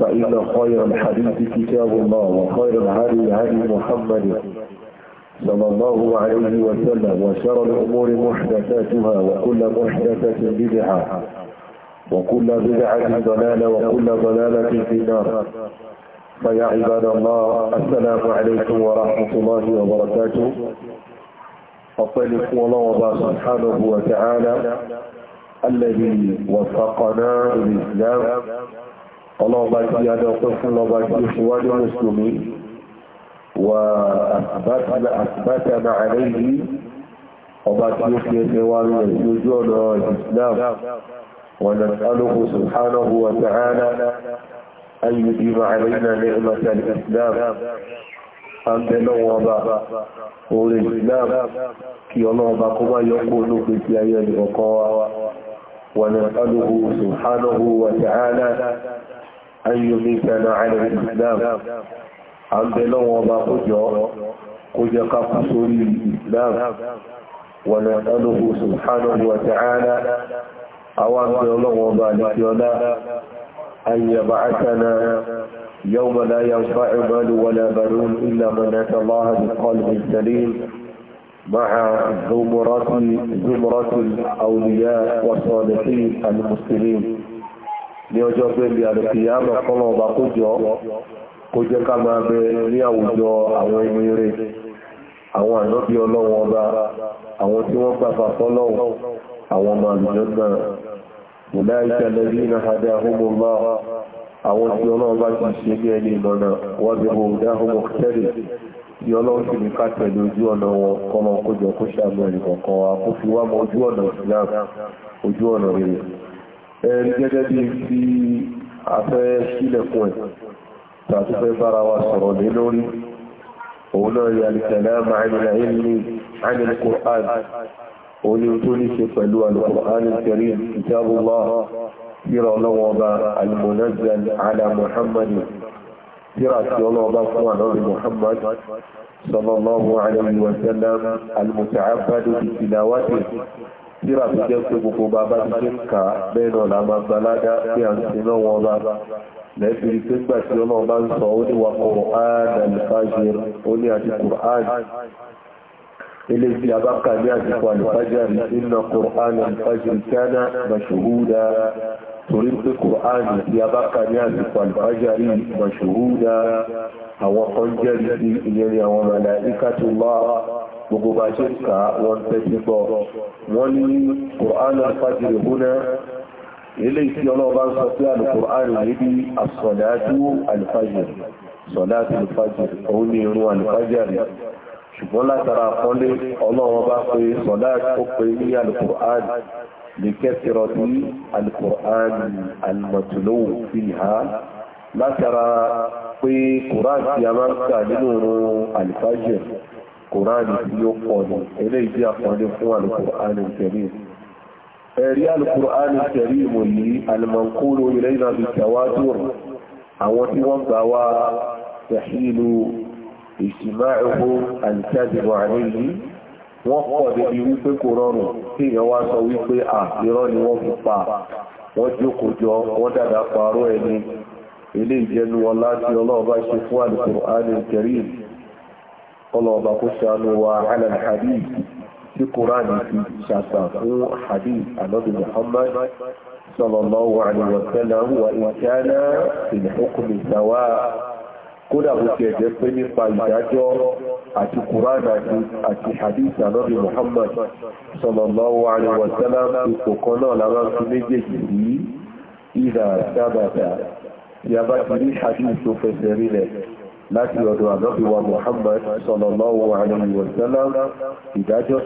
فإن خير الحديث كتاب الله وخير الهدي هدي محمد صلى الله عليه وسلم وشر الأمور محدثاتها وكل محدثة بدعة وكل بدعة ضلالة وكل ضلالة في النار فيا عباد الله السلام عليكم ورحمة الله وبركاته أطلق الله سبحانه وتعالى الذي وفقنا للإسلام ọlọ́ọ̀bá tí a dọ́pẹ́ fún lọ́ba tí ó fi wájú mùsùlùmí wà àtìbátàbà àrẹ́yìí ọba tí ó fi ẹsẹ̀ wá rẹ̀ lójú ọ̀nà Islam ونسأله سبحانه وتعالى أن يجيب علينا نعمة الإسلام àbẹ̀ lọ́wọ́ ọba orí Islam kí ọlọ́ọ̀bá kó bá yọ́kó olóògbé ونسأله سبحانه وتعالى أن يميتنا على الإسلام عبد الله وما قجر قجر قصر الإسلام ونسأله سبحانه وتعالى أوامر الله وما لكينا أن يبعثنا يوم لا ينفع مال ولا بنون إلا من أتى الله بقلب سليم مع زمرة زمرة الأولياء والصالحين المسلمين ní ọjọ́ pé ní àrẹ̀kìyàmà kọ́lọ̀ ọba kó jọ ọba àwọn tí wọ́n gbàfà fọ́lọ́wọ́ àwọn ọmọ àlùjọ náà ìlà ìṣẹ̀lẹ̀ tí ọlọ́run sì ní ká tẹ̀lé ojú ọ̀nà wọn kọmọ kójọ kó ṣàgbọ́n ẹnìkọ̀ọ̀kan wa kó fi wá mọ ojú ọ̀nà Islam ojú ọ̀nà rere ẹni gẹ́gẹ́ bí tí a fẹ́ sílẹ̀kùn ẹ̀ tàbí bára wa sọ̀rọ̀ lé lórí òun náà yà lìtẹ̀lẹ́ màánilà ìlú ánìlùkùrán òun ni tó ní ṣe pẹ̀lú alùkùrán kẹrí ìjábùlá síra ọlọ́wọ́ يرأتي الله بأسوان محمد صلى الله عليه وسلم المتعبد بتلاوته síra tó jẹ́ pé gbogbo bàbá ti ṣe ń kà bẹ́ẹ̀nà làmà balada tí a ń sin náà wọn bá lẹ́bìrì tó gbà tí ọlọ́run bá ń sọ ó ní wa Qur'an al-fajr ó ní àti Qur'an ilé tí a bá kà ní àsìkò al-fajr inna Qur'an al-fajr kana mashhuda torí pé kòránì tí a bá ka ní àsìkò alfajari mashhuda àwọn kan jẹ́rì sí ìyẹrí àwọn malaikatullah gbogbo bá ṣe ká wọ́n tẹ́sí bọ́ wọ́n ní kòránì alfajari húnná ilé ìsí ọlọ́ọ̀bá sọ pé alkòránì níbi asọ̀dájú alfajari ṣùgbọ́n látara àkọlé ọlọ́wọ́ pé sọ̀dájú لكثرة القرآن المتلو فيها ما ترى في قرآن يمانك لنور الفجر قرآن يقول إليه يقول هو القرآن الكريم أريا القرآن الكريم المنقول إلينا بالتواتر أوتي وانضوا يحيل اجتماعه الكاذب عليه wọ́n pọ̀ débi wípé kò rọrùn tí èèyàn wá sọ wípé à irọ́ ni wọ́n fi pa wọ́n jókòó jọ wọ́n dàdà pààrọ̀ ẹni ilé ìjẹnu ọlá tí ọlọ́ọ̀bá ṣe fún Al-Qur'anul Karim ọlọ́ọ̀bá kó ṣàánú wa alal kódà bó ti ẹ̀jẹ́ pé nípa ìdájọ́ àti kùránà àti hadith ànábì muhammad sallallahu alaihi wa sallam ipò kan náà lára fi méjèèjì sí ìdà sábàtà tí a bá ti rí hadith tó fẹsẹ̀ rílẹ̀ láti ọ̀dọ̀ ànábì wa muhammad sallallahu alaihi wa sallam ìdájọ́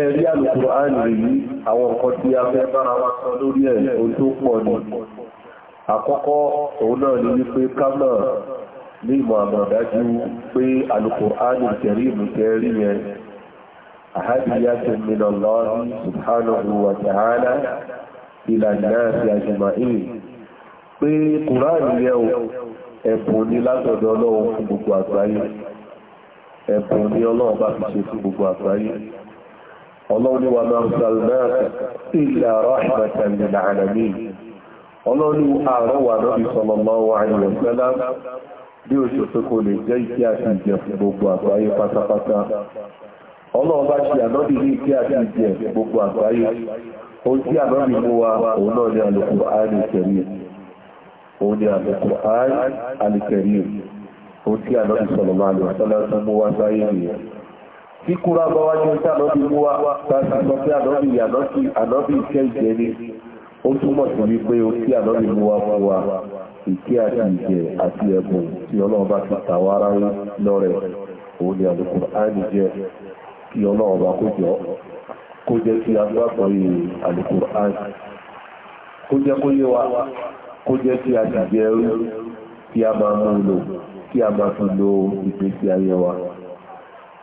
ẹ̀rí Al-Qur'an yìí àwọn nǹkan tí a fẹ́ bára wa sọ lórí ẹ̀ ohun tó pọ̀ ní àkọ́kọ́ òun náà ni wípé ní ìmọ̀ àmọ̀dájú pé Al-Qur'an Karim ìmùtẹ́rí látọ̀dọ̀ ọlọ́run fún gbogbo àgbáyé ọlọ́run bá fi ṣe ọlọ́ni wà máa ń sàlmáàkì ìlà ráhìmọ̀tà lil alamin ọlọ́ni ààrọ̀ wà náà bí sallallahu alaihi wasallam bí o ṣe kò lè jẹ́ ìkẹ́ àti gbogbo àgbáyé pátápátá ọlọ́run ṣe àti gbogbo àgbáyé wa kíkúra bọ́ wájú tí àlọ́bí mú wá tàbí sọ pé àlọ́bí àlọ́bí àlọ́bí iṣẹ́ ìjẹ́ ní ó túmọ̀ sí wípé ó tí àlọ́bí mú wá fún wa ìké àti ìjẹ àti ẹ̀bùn tí ọlọ́run ti tàwa lọ́rẹ̀ òun ni Al-Qur'ani jẹ́ kí ọlọ́run bá kó Al-Qur'ani kó jẹ́ kó yé wa kó jẹ́ kí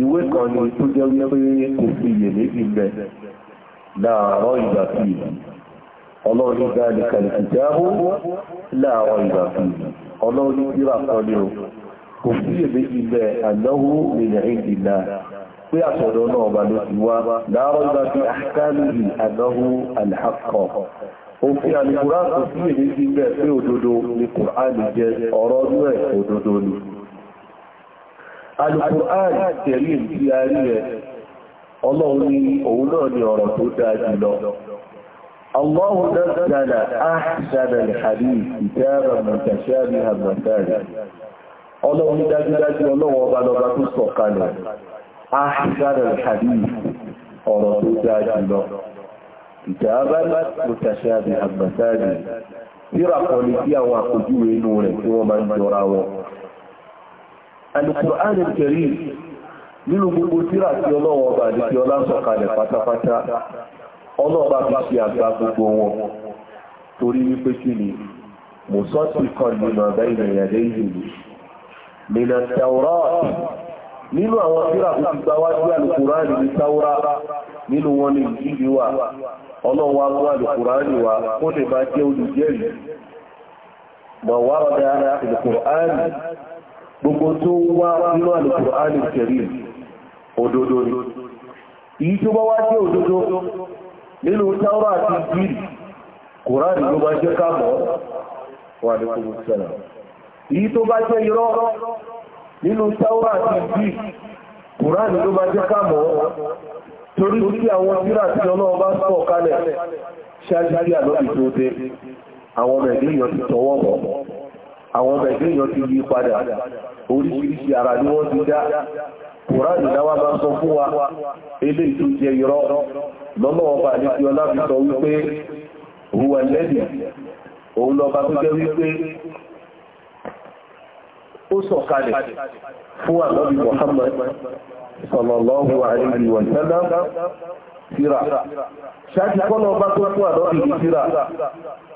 ìwé kan ní tó jẹ́ wípé kò fi yè méjì bẹ̀ láàárọ̀ ìgbà fi ìlú ọlọ́run ìgbà nìkàlì ìjábó láàárọ̀ ìgbà fi ìlú ọlọ́run ìgbà kan ní o kò fi yè méjì bẹ̀ ànáwó ilẹ̀ ìdìlá pé àtọ̀dọ̀ náà ọba ló ti fi àkálù kò fi yè méjì pé òdodo ni kùránì jẹ́ ọ̀rọ̀ ọdún ẹ̀ òdodo ni Al-Qur'an tẹ̀lé ìdí arí rẹ̀, ọlọ́run ní òun náà ni ọ̀rọ̀ tó dáa jùlọ. Allahu nazzala ahsana al-hadith kitaban mutashabihan mathalan. Ọlọ́run dájúdájú ọlọ́wọ́ ọba lọba tó sọ̀kalẹ̀, ahsana al-hadith ọ̀rọ̀ tó dáa jùlọ. Kitaban mutashabihan mathalan. Tíra kan ní kí àwọn àpòjúwe inú rẹ̀ tí wọ́n máa ń jọra wọn. Al-Qur'an nínú gbogbo tírà tí ọlọ́wọ́ ọba àdìsí ọlá sọ̀kalẹ̀ pátápátá ọlọ́ọ̀bá fi ṣe àgbà gbogbo wọn torí wípé kí ni mùsọ́tì kan nínú àbá ìrìnàjẹ́ ìlú nínú àwọn gbogbo tó wá nínú àlùkò qurani Karim òdodo tó bá wá jẹ́ nínú Taura àti Injil Kùránì ló bá jẹ́ káàmọ́ wà ní kòmù sẹ́lá èyí tó bá jẹ́ irọ́ nínú Taura àti Injil Kùránì ló bá jẹ́ káàmọ́ torí àwọn ọmọ ẹ̀gbẹ́ ti yí padà ara ni wọ́n ti dá kòránì láwá bá sọ fún wa ilé ìtú jẹ ìrọ́ lọ́nà ọba àdíkí ọlá wípé huwa lẹ́dì òun lọba tó jẹ́ wípé ó sọ̀kalẹ̀ fún fún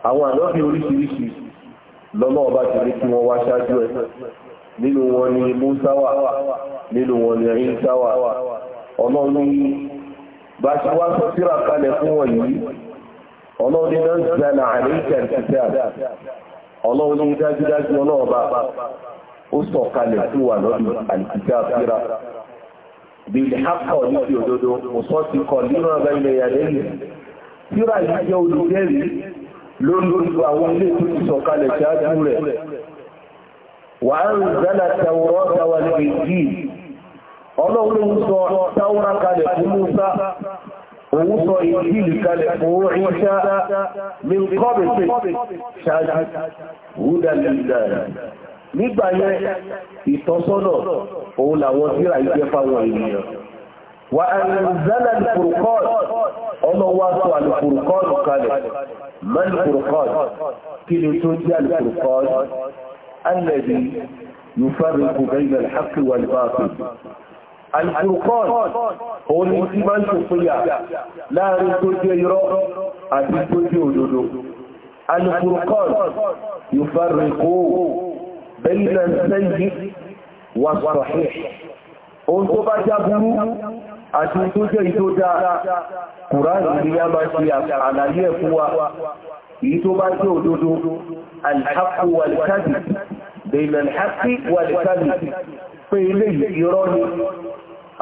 àlọ́bí lọ́nà ọba ti rí kí wọ́n wá ṣáájú ẹ̀ nínú wọn ni Músáwà nínú wọn ni Ìsáwà ọlọ́run bá ṣe wá sọ síra kalẹ̀ fún wọn yìí ọlọ́run náà zẹ́nà àríkẹ̀ títẹ́ ọlọ́run dájúdájú ọlọ́ọ̀bá ó sọ kalẹ̀ fún wa lọ́dún àìkíkà síra bíi ní ti òdodo ti kọ̀ nínú ilẹ̀ lórí àwọn ilé tó ti sọ̀kalẹ̀ ṣáájú rẹ̀ wà á ń zẹ́lẹ̀ tẹwọ́rọ́ tẹwà ní èjì ọlọ́run sọ táwọ́rá kalẹ̀ fún Musa nígbà yẹn ìtọ́sọ́nà òun làwọn síra ìjẹ́fà wọn ènìyàn وأنزل الفرقان أما واسع الفرقان قال ما الفرقان كل تجي الفرقان الذي يفرق بين الحق والباطل الفرقان هو الإيمان الصيا لا رتجي يرى أبي تجي وجوده الفرقان يفرق بين السيد والصحيح أنتم بجابوا àti tó jẹ́ ìtó dáa kùránì ní a máa ṣe àlàyé ẹ̀kú wa èyí tó bá jẹ́ òdodo alhaqqu walkadhib bayna alhaqqi walkadhib pé ilé ìrọ́ ni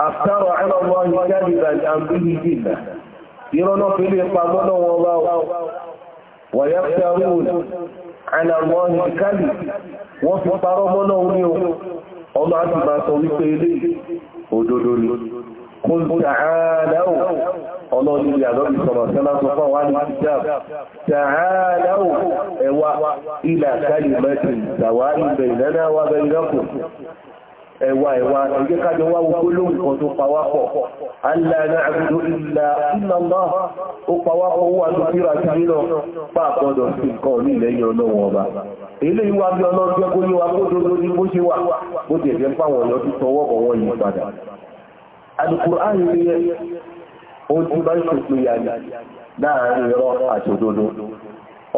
aftara ala Allahi kadiban am bihi jinna ìrọ́ wọ́n fi parọ́ ni قل تعالوا الله يجي على ربي صلى الله عليه تعالوا إلى كلمة سواء بيننا وبينكم tó pàwápọ̀. wà ní kíra kiri náà pàpọ̀dọ̀ sí nǹkan ní ilẹ̀yìn ọlọ́wọ̀n ọba. ilé ìwà bí ọlọ́jẹ́ kó alùkùránì ní ohun tí bá ń ṣe pé yàgbà láàrin irọ́ àti òdodo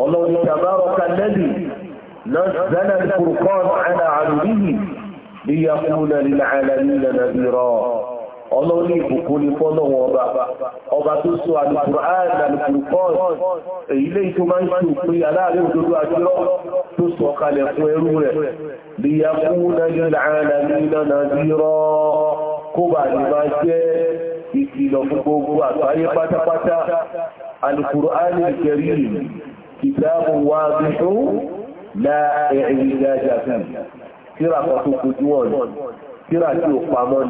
ọlọ́run tabaraka lẹ́bì nazzala al-furqan ala abdihi liyakuna lil'alamina nadhira ọlọ́run ní ìbùkún ní fọ́lọ́wọ́ ọba ọba tó sọ alùkùránì alùkùránì èyí lè tó máa ń ṣe pé aláàrin òdodo àti irọ́ tó sọ kalẹ̀ fún ẹrú rẹ̀ liyakuna lil'alamina nadhira kó bà lè máa jẹ́ ìkìlọ̀ fún gbogbo àgbáyé pátápátá Al-Qur'an al-Karim kitabun wadihun la i'wijaja fihi tíra kan tó kojú wọn tíra tí ò pamọ́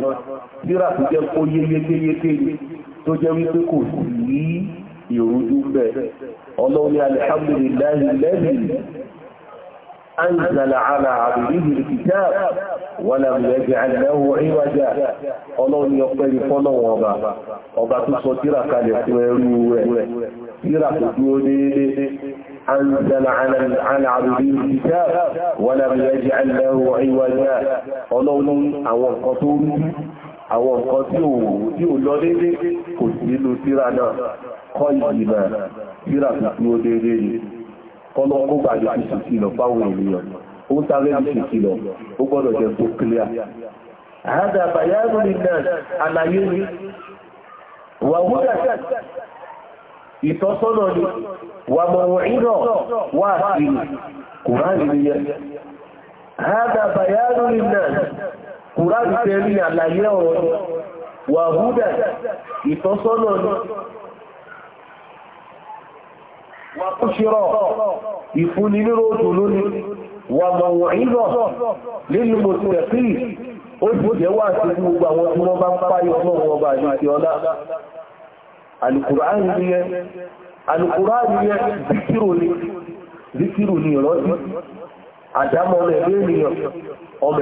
ni أنزل على عبده الكتاب ولم يجعل له عوجا ọlọ́run yọpẹ́ ìfọ́nà ọba ọba tó sọ tíra kalẹ̀ fún ẹrú rẹ̀ tíra kò dúró déédé أنزل على عبده الكتاب ولم يجعل له عوجا ọlọ́run àwọn nǹkan tó rú àwọn nǹkan tí ò lọ déédé kò sí nínú tíra náà kọ́ ìgbìmọ̀ tíra kò dúró déédé kọ́lọ́ kó gbàjọ àti ìkìlọ̀ fáwọn ènìyàn ó sáré àti هذا بيان للناس àlàyé ni wà wúdà ìtọ́sọ́nà ni wà mọ̀wọ̀ ìrọ̀ wà sí kùránì ni yẹ هذا بيان للناس kùránì tẹ́rí àlàyé ọ̀rọ̀ wà wúdà ìtọ́sọ́nà ni وبشرى يكون لرجل وموعظة للمتقين ó jẹ́ wá sí gbogbo àwọn tí wọ́n bá ń ọba àti ọlá alùkùránì yẹ zíkírò ní zíkírò ní ìrọ́sí àdámọ́ ọmọ ènìyàn ọmọ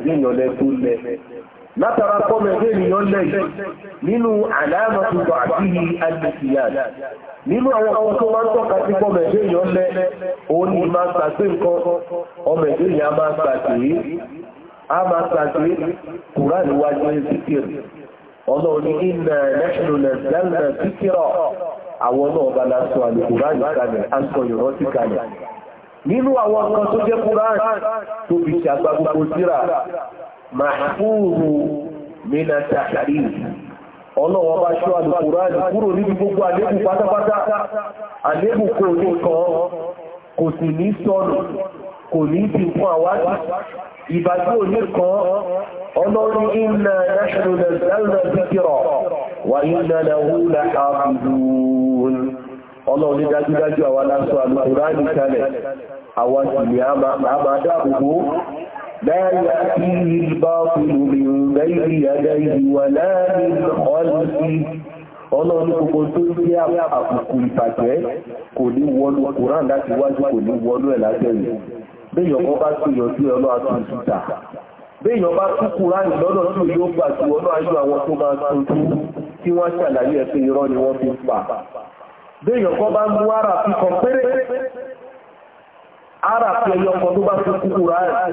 ènìyàn máa látara kọ́mọ̀ ènìyàn lẹ́yìn nínú àlàámọ̀ tó gbà nínú àwọn ọmọ tó ma ń tọ́ka sí kọ́mọ̀ ènìyàn lẹ́ òun ni máa ń nǹkan ọmọ a máa gbàgbé kùrá níwájú ẹ̀sìkìrì ọ̀nà òní iná national nàìjíríà àwọn náà nínú àwọn tó jẹ́ tó fi gbogbo màfúrù mìnà tàkàrí ọlọ́wọ́ bá ṣọ́ alùkùránì kúrò níbi gbogbo àlébù pátápátá àlébù kò ní kan kò sì ní sọ́nù kò ní ti fún àwádìí ìbájú òní kan ọlọ́rin iná national zelda zikiro wà iná na hula àbùdùn ọlọ́rin dájúdájú àwọn aláṣọ alùkùránì kalẹ̀ àwọn ìlú àmàdáàbùgbò لا يأتيه الباطل من بين يديه ولا من خلفه ọlọ́run gbogbo tó jẹ́ àpùkù ìbàjẹ́ kò ní wọnú kòrán láti wájú kò ní wọnú ẹ̀ látẹ̀rẹ̀ béèyàn bá ọlọ́ àtún béèyàn bá tó yóò gbà tí ọlọ́ ayú àwọn tó tuntun tí wọ́n ṣàlàyé ẹ̀fẹ́ irọ́ ni wọ́n fi pa béèyàn bá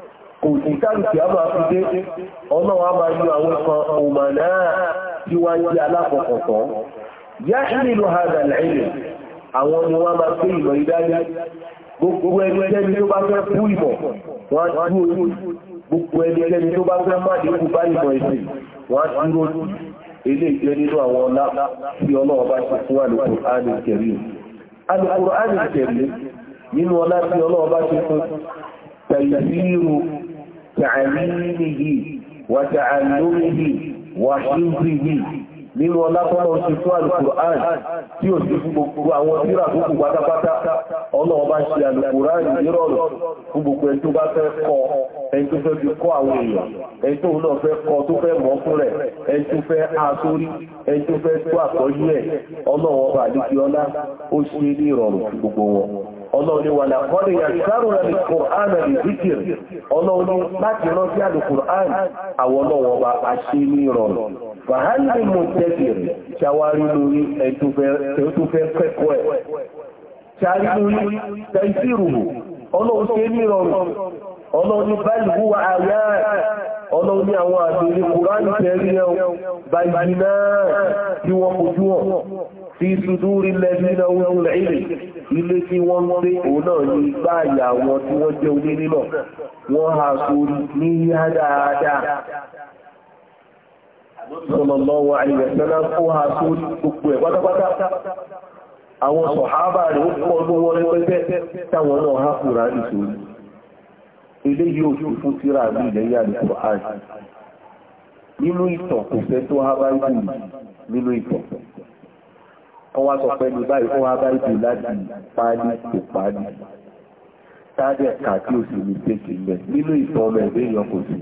kò sí a máa fi dé ọ̀nà wa máa yọ àwọn kan ọmọ náà tí wá ń jẹ́ alákọ̀ọ̀kọ̀tọ̀ yá ìlú hadal àwọn ni wọ́n máa ìmọ̀ ìdájá gbogbo ẹni tó bá fẹ́ fún ìmọ̀ wọ́n gbogbo ẹni ẹni tó bá fẹ́ má dínkù bá ìmọ̀ wọ́n tààlìmìhì wà tààlùmìhì wà ṣíńtìhì nínú ọlápọ́lọ́ ṣe tó alùkùrán tí ó sì fún gbogbo àwọn tíra tó kù pátápátá ọlọ́wọ́ bá ṣe alùkùrán ìrọ̀rọ̀ fún gbogbo ẹni tó bá fẹ́ kọ́ ẹni tó fẹ́ fi kọ́ àwọn ọlọ́run ni wàlà kọ́lẹ̀ yàtàrùn àti kòrán àti zikir ọlọ́run ni láti rántí àti kòrán àwọn ọlọ́wọ́ bá a ṣe ní ìrọ̀rùn fàhálì mú tẹ́kìrì ṣàwárí lórí ẹ̀tùfẹ́ kẹ́kọ́ ẹ̀ ṣàrí lórí tẹ́sìrù ọlọ́run ṣe ní ìrọ̀rùn ni báyìí wúwa àyà ọlọ́run ní àwọn àdéhùn kòrán fi sùdúrí lẹ́bínà wọn ilẹ̀ ilé tí wọ́n gbé òun náà ní báyà wọn tí wọ́n jẹ́ orí nílọ̀ wọ́n ha sórí ní yá dáadáa sọlọ̀lọ́wọ́ àìyẹ̀sẹ́lá kó ha sórí gbogbo ẹ̀ pátápátá àwọn sọ̀hábà rẹ̀ pọ̀ ọdún wọn rẹpẹtẹ táwọn nínú ìtàn kò fẹ́ tó ha bá ń nínú ìtàn wọ́n wá sọ pẹ̀lú báyìí fún wá báyìí tó láti pálí tó pálí tàbí ẹ̀ka tí ó sì ní tètè lẹ̀ nínú ìtọ́ ọmọ ẹ̀dẹ́ èèyàn kò sí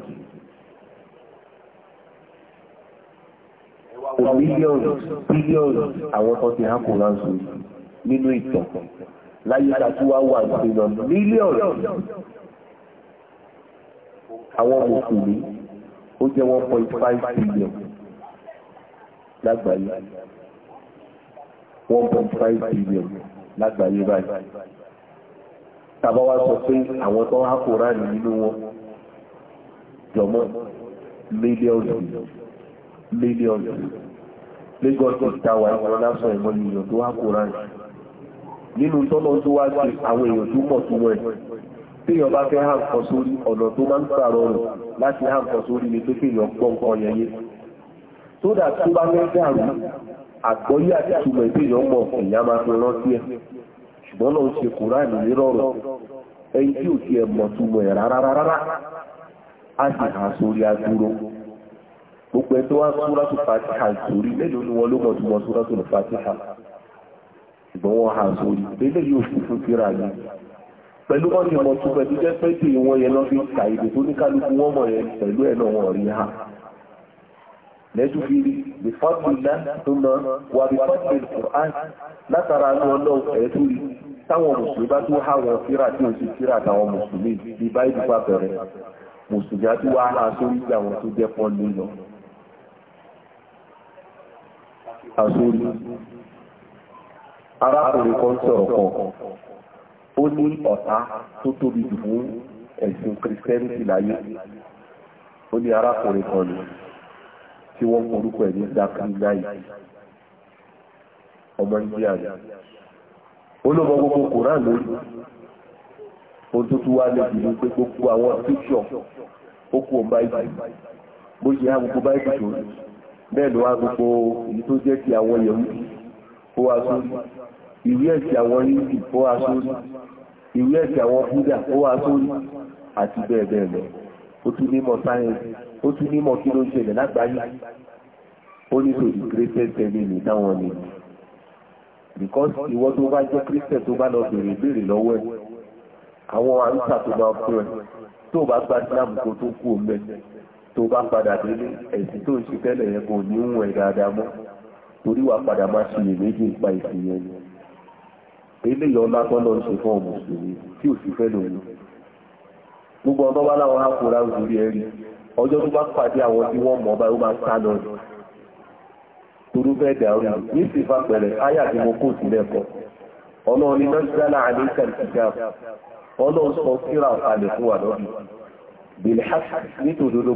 mílíọ̀nù bílíọ̀nù àwọn tó ti hákò ránṣù nínú ìtọ̀ láyé tàbí wá wà nínú mílíọ̀nù àwọn 1.5 billion lágbàáyé sọ pé àwọn tó nínú wọn jọmọ́ mílíọ̀nù mílíọ̀nù Lagos ìtawà ìwọ̀n lásán ìmọ̀ tó há Kùránì nínú tọ́nà tó wá sí àwọn èèyàn tó mọ̀ tó wẹ̀ tí èèyàn bá fẹ́ há nǹkan sórí ọ̀nà tó máa ń sàrọ̀ rẹ̀ láti há nǹkan sórí ni pé gbọ́ nǹkan yẹn yé tó dà tó bá fẹ́ dàrú àgbọ́yé àti ìtumọ̀ ìbéèyàn mọ̀ èèyàn máa fi rántí ẹ̀ ṣùgbọ́n náà ń ṣe kùránì nírọ̀rùn ẹni tí ò ti ẹ̀ mọ̀ túmọ̀ ẹ̀ rárá á sì hà sórí gbogbo ẹ̀ tó wá súrátù fatiha ni wọ́n ló mọ̀ súrátù fatiha ṣùgbọ́n wọ́n hà sórí yóò fi fún pẹ̀lú ti mọ̀ ẹ̀ ha lẹ́jú bí bífọ́dìlá tó lọ wà bífọ́dìlá Qur'an látara ní ọlọ́wọ́ ẹ̀ẹ́tù rí táwọn mùsùlùmí bá tó há wọn fíra tí ó sì fíra àtàwọn mùsùlùmí bí báyìí bá bẹ̀rẹ̀ mùsùlùmí á tó wá há sórí ìgbà wọn tó jẹ́ pọ́n lílọ àsórí arákùnrin kan sọ̀rọ̀ kan ó ní ọ̀tá tó tóbi jù fún ẹ̀sìn kìrìsìtẹ́nì láyé ó ní arákùnrin kan lò tí wọ́n forúkọ ẹ̀ ní zakariláì ọmọ india rẹ̀ olóòmọ gbogbo koran lórí ohun tó tún wá lẹ́bi ní pé gbogbo àwọn píṣọ̀ ó kú ọmọ báyìí bó ṣe há gbogbo báyìí tó rí bẹ́ẹ̀ ló wá gbogbo èyí tó jẹ́ ti àwọn yẹ̀wùdí ó wá sórí ìwé ẹ̀sìn àwọn yìí ó wá sórí ìwé ẹ̀sìn àwọn búdà ó wá sórí àti bẹ́ẹ̀ bẹ́ẹ̀ lọ ó tún ní mọ̀ sáyẹ́ǹsì ó tún nímọ̀ kí ló ń ṣẹlẹ̀ lágbàáyé ó ní tó di greatest enemy táwọn ni because ìwọ tó bá jẹ́ christian tó bá lọ bèrè ìbéèrè lọ́wọ́ ẹ̀ àwọn àrùsà tó máa fún ẹ tó bá gba islam tó tó kú ọmọ ẹ tó bá padà délé ẹ̀sìn tó ń ṣe tẹ́lẹ̀ yẹn kò ní ń wọ̀n dáadáa mọ́ torí wàá padà máa ṣe ìrèjì nípa ìsìn yẹn ni eléyìí ọlá tọ́lọ́ ń ṣe fún ọmọ òṣèlú tí ò sì lòun gbogbo ọ̀dọ́ bá láwọn àkùnrà òjúrí ẹ̀rí ọjọ́ tó bá pàdé àwọn tí wọ́n mọ̀ báyìí ó máa sá lọ torú dàrú ní pẹ̀lẹ̀ áyà tí mo sílẹ̀ kọ ọlọ́run ní nàìjíríà àní kàìkìkà ọlọ́run sọ síra àlẹ̀ fún wa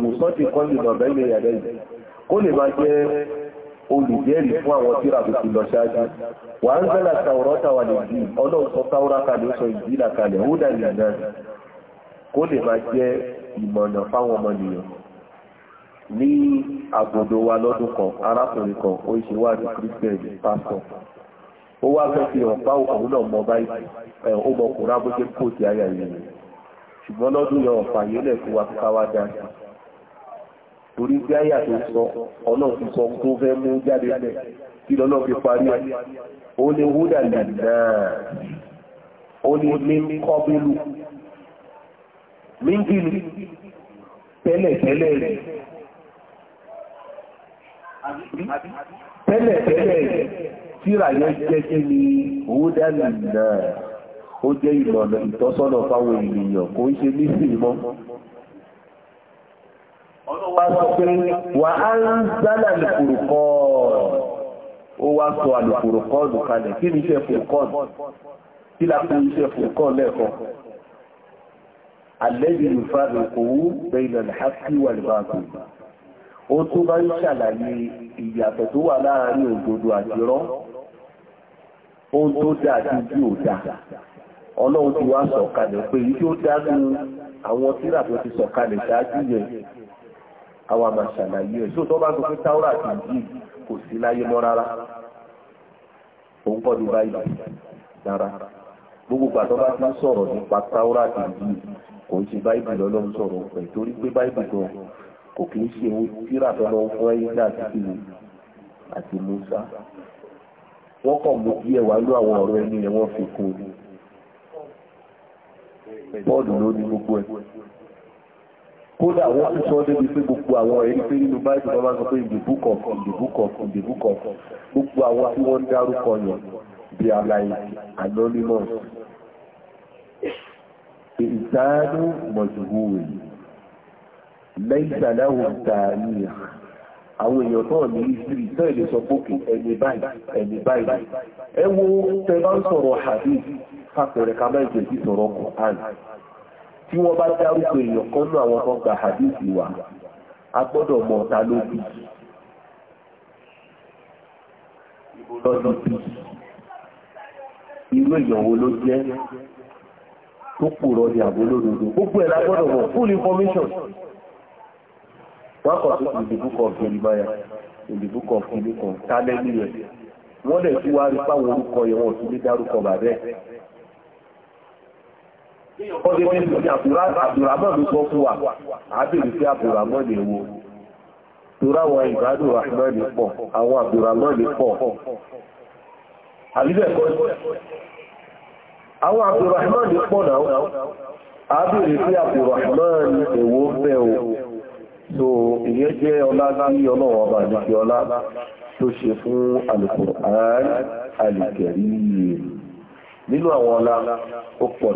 mo ti kọ́lù kó lè máa jẹ́ fún àwọn ti lọ ṣáájú kó lè máa jẹ́ ìmọ̀nà fáwọn ọmọnìyàn ní àgbòdo wa lọ́dún kan arákùnrin kan ó ṣe wá ní christian pastor ó wá fẹ́ fi hàn fáwọn òun náà mọ báyìí ó mọ kùnrán bó ṣe kó ti àyà yìí ṣùgbọ́n lọ́dún yọ ọ̀fà yẹlẹ̀ fún wa ká wá dá sí torí bí àyà tó sọ ọlọ́run ti sọ tó fẹ́ mú jáde lẹ̀ kí lọ́nà fi parí ẹ̀ ó ní wúdà lè náà ó ní ní kọ́bílù méjìlì tẹ́lẹ̀tẹ́lẹ̀ rẹ̀ tẹ́lẹ̀tẹ́lẹ̀ rẹ̀ tíra yẹ jẹ́jẹ́ ni owó dálì náà ó jẹ́ ìlọ̀nà ìtọ́sọ́nà fáwọn ènìyàn kò ń ṣe ní sílmọ́ wá sọ pé wà á ń zálà lùkùrùkọ́ ó wá sọ àlùkùrùkọ́ alẹ́bí ìfàdé kòwú bẹ̀rẹ̀ àti wà ìbáàkù ó tó bá ń ṣàlàyé ìyàtọ̀ tó wà láàárín òdodo àti rọ́ ohun tó dáa ju bí ò dáa ọlọ́run ti wá sọ̀kalẹ̀ pé èyí tí ó dá ní àwọn tírà tó ti sọ̀kalẹ̀ ṣáájú yẹn àwọn àmà ṣàlàyé ẹ̀ tó bá sọ pé táwọ́rà àti ìjì kò sí láyé mọ́ rárá òun kọ́ ní báyìí rárá gbogbo gbàtọ́ bá ti sọ̀rọ̀ nípa táwọ́rà àti ìjì kò ń ṣe báìbù lọ́lọ́run sọ̀rọ̀ pẹ̀ torí pé báìbù gan kò kí ń ṣe ohun tíra tọ́lọ́ fún ẹ́yídà àti àti Musa wọ́n kàn mú díẹ̀ wá ló àwọn ọ̀rọ̀ ẹni ẹ̀ wọ́n fi kún bọ́ọ̀lù ló ní gbogbo ẹ̀ kódà wọ́n tún sọ débi pé gbogbo àwọn ẹ̀rí pé nínú báyìí wọ́n máa sọ pé ìdìbò kọ̀ọ̀kan ìdìbò kọ̀ọ̀kan ìdìbò kọ̀ọ̀kan gbogbo àwọn tí wọ́n ń dárúkọ yẹn bí alaye anonymous إنسان مجهول ليس له تاريخ àwọn èèyàn tó ní ìsìrì tó èdè sọ pókè ẹni báyìí ẹni báyìí ẹ wo tẹ bá ń sọ̀rọ̀ hadith fàpẹ̀rẹ̀ ká máa bá tó pòrọ ní àbólódodo gbogbo ẹ̀ lágbọ́dọ̀ mọ̀ full information wọ́n kọ̀ tó ìdìbò kan kìrìmáyà ìdìbò kan kìrìkan tálẹ́lì rẹ̀ wọ́n lẹ̀ tí wá rí fáwọn orúkọ yẹn wọ́n tún lé dárúkọ bàbẹ́ ọdún ní ìlú àbúrámọ́ ló sọ fún wa àbẹ̀rẹ̀ sí àbúrámọ́ lè wo toráwọn ìbádùn àmọ́ lè pọ̀ àwọn àbúrámọ́ lè pọ̀ àbíbẹ̀ kọ́ àwọn Abdulrahman pọ̀ náà àbìrì sí Abdulrahman èwo fẹ́ o so ìyẹ́ jẹ́ ọlá sí ọlọ́wọ́ ọba àdìsí ọlá tó ṣe fún al àwọn ọlá ó pọ̀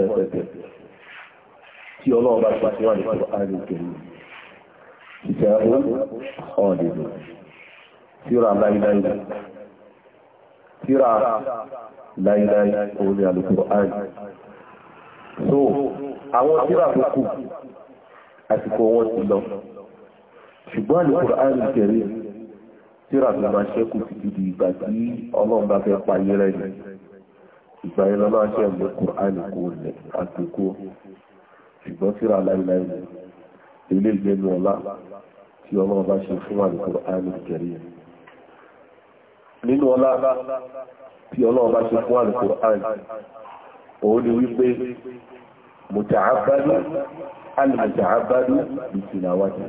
láíláí orí Al-Qur'an so àwọn tírà tó kù àsìkò wọn ti lọ ṣùgbọ́n Al-Qur'an kẹrẹ tírà máa ṣẹ́kù ti di ìgbà tí ọlọ́run bá fẹ́ payé rẹ̀ ni ìgbà yẹn lọ́nà ṣe mú Qur'an kò lẹ̀ àgbékò ṣùgbọ́n tírà láíláí ni ilé ìgbẹ́nu ọlá tí ọlọ́run bá ṣe fún tí ọlọ́run bá ṣe fún Al-Qur'an òun ni wípé mùtàábádú alìmùtàábádú ìtìláwájú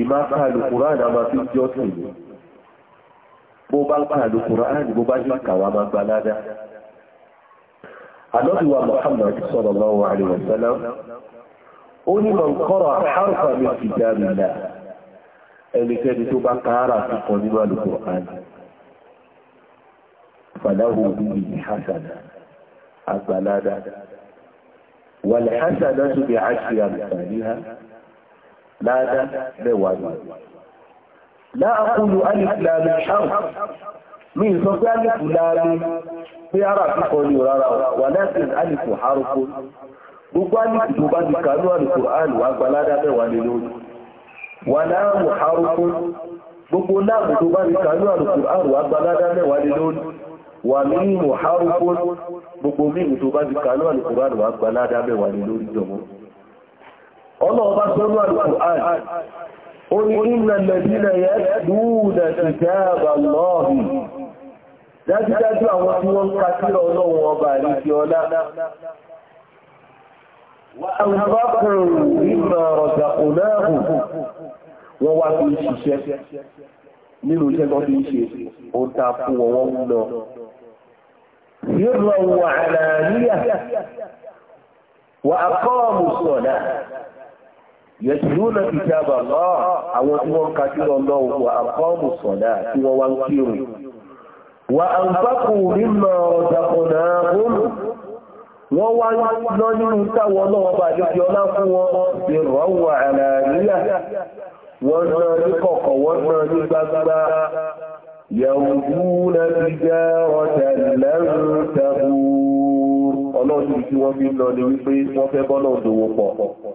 ìmá ká Al-Qur'an àmà fi jọ́ tìlú bó bá ká Al-Qur'an bó bá ṣe kàwà máa gba ládá Ànábì wa Muhammad sallallahu alaihi wa sallam ó ní man qara'a harfan min kitabillah ẹnikẹ́ni tó bá káàrà kíkan nínú Al-Qur'an fàdáwò bíbí hasana agbàládá wàlẹ̀ hasana tó bí aṣírí àmìsàníhá láàdá mẹ́wàá láàkúlù alìsìlámi ṣáwọ̀ mi sọ pé alìkù láàrin pé ara àkíkọ ní rárá wà láti alìkù harukú gbogbo alìkù tó bá ti kàánú àlùkù àlù agbàládá mẹ́wàá lè lórí wà láàrù harukú gbogbo láàrù tó bá ti kàánú àlùkù àlù agbàládá mẹ́wàá lè lórí wà ní mọ̀hárùkú gbogbo mímú tó bá ti kàánú alìkùránù wà gbà ládá mẹ́wàá ní lórí jọmọ́. ọlọ́ọ̀bá sọ́nú alìkùránù ó ní wọ́n wá fi ṣiṣẹ́ nínú iṣẹ́ tó fi ṣe ó ta fún wọn wọ́n lọ سرا وعلانية وأقاموا الصلاة يتلون كتاب الله أو أنهم كثير الله وأقاموا الصلاة ووانكروا وأنفقوا مما رزقناهم wọ́n wá lọ nínú táwọn náà bá jẹ́ ọlá fún wọn ìrọ̀wọ̀ àlàáríyà wọ́n náà ní kọ̀kọ̀ wọ́n náà ní gbangba يرجون تجارة لن تبور ọlọ́run tí wọ́n fi lọ ní wípé wọ́n fẹ́ òdòwò pọ̀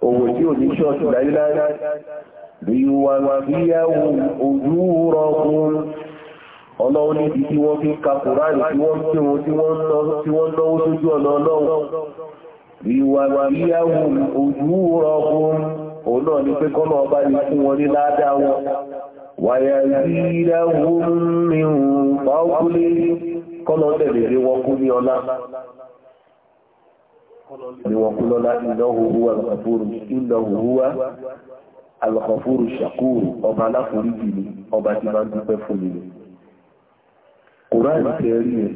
tí ní ní ti tí wọ́n fi tí wọ́n lọ́wọ́ lójú ọ̀nà ọlọ́run ojú òun náà pé kọ́nà ọba ní fún ويزيدهم من فضله kọ́lọ̀ tẹ̀lé lé wọ́n kú ní ọlá ni wọ́n kú lọ́lá innahu huwa al-ghafuru innahu huwa al-ghafuru shakuru ọba aláforíjì ni ọba tí máa ń dúpẹ́ fún mi kùránì tẹ́ rí ẹ̀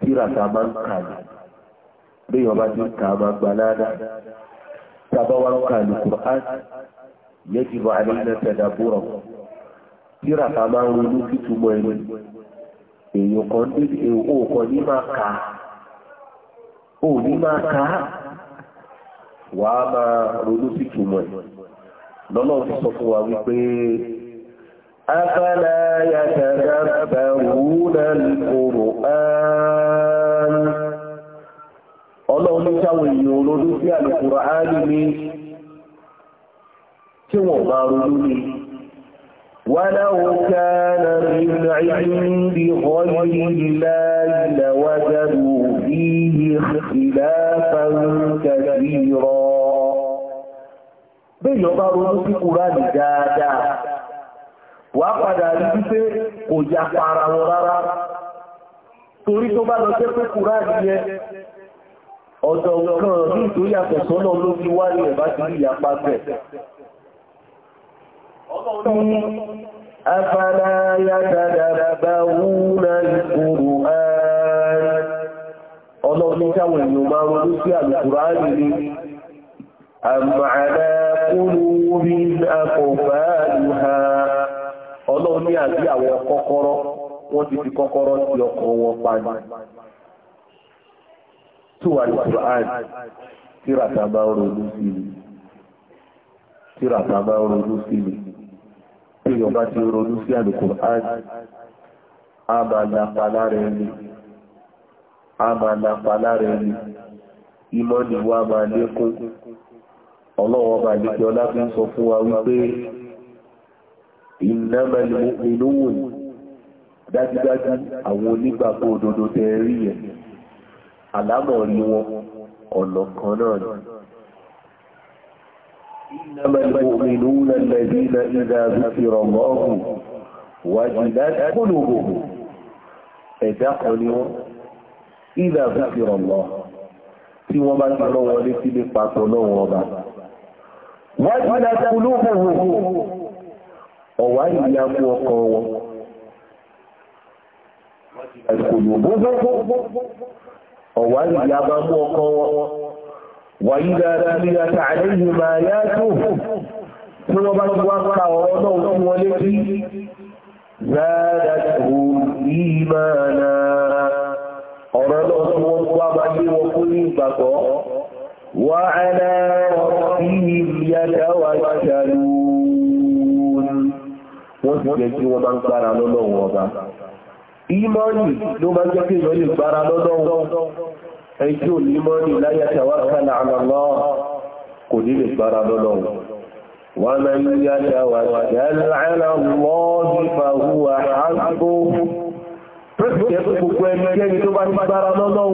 tírata máa ń kà bí ọba tí ń kà máa gbà ládàá tàbá wá ń kà ní kùránì yajibu alayna tadabburuhu tíra ta bá ń ronú títúmọ̀ ẹni èèyàn kan ní èèyàn kan ní máa ní máa wà á máa ronú títúmọ̀ ẹ̀ lọ́nà ti sọ fún wa wípé afẹ́lẹ́ yàtẹ̀lẹ́ bẹ̀rùúnẹ̀ Al-Qur'an ọlọ́run sáwọn èèyàn olódó sí ní ولو كان من عند غير الله لوجدوا فيه اختلافا كثيرا bẹ́ẹ̀ yọba ronú sí kúránì dáadáa wà padà rí wípé kò ya para wọn rárá torí tó bá lọ jẹ́ pé kúránì yẹ ọ̀dọ̀ kan ní ìtòyàtọ̀ sọ́nà ló fi wáyé ẹ̀bá ti rí ìyapa bẹ̀ أفلا يتدبرون القرآن ọlọ́run ní káwọn èèyàn máa ronú sí àlùkùránì ní àmàrà kúrò orí àkọ̀ọ̀bá ìhà ọlọ́run ní àbí àwọn kọ́kọ́rọ́ wọ́n ti fi tí bá ti ronú sí a máa a ni wá máa lékún ọlọ́wọ́ bá lékún ọlá fi ń sọ fún wa wípé innamal mu'minun dájúdájú àwọn onígbàgbọ́ òdodo tẹ́ rí ẹ̀ àlámọ̀ ni wọn ọ̀nà kan náà إنما المؤمنون الذين إذا ذكر الله وجلت قلوبهم ẹ̀dákanìwọ́n ìdá fífìrọ̀ lọ tí wọ́n bá ti lọ́wọ́ lé sí lé pàtó lọ́wọ́ ọba wọ́n ìdá olóòwò ọ̀wá ìyá mú ọkọ̀ wọn ẹ̀kùnlò gbogbo ọ̀wá ìyá bá mú ọkọ̀ wọn وإذا تليت عليهم آياته ثم بلغت ورضوا ولدي زادتهم إيمانا أرادوا وقبل وقل بطر وعلى ربهم يتوكلون وسجدوا ومن قال لهم وبا إيماني لمن يقين للبرى لهم ẹni tí ò ní mọ́ ní láyé tawakkala ala Allah kò ní lè gbára lọ́lọ́ wa man yatawakkal ala Allah fa huwa hasbuh Ẹgbẹ́ gbogbo ẹnikẹ́ni tó bá náà ló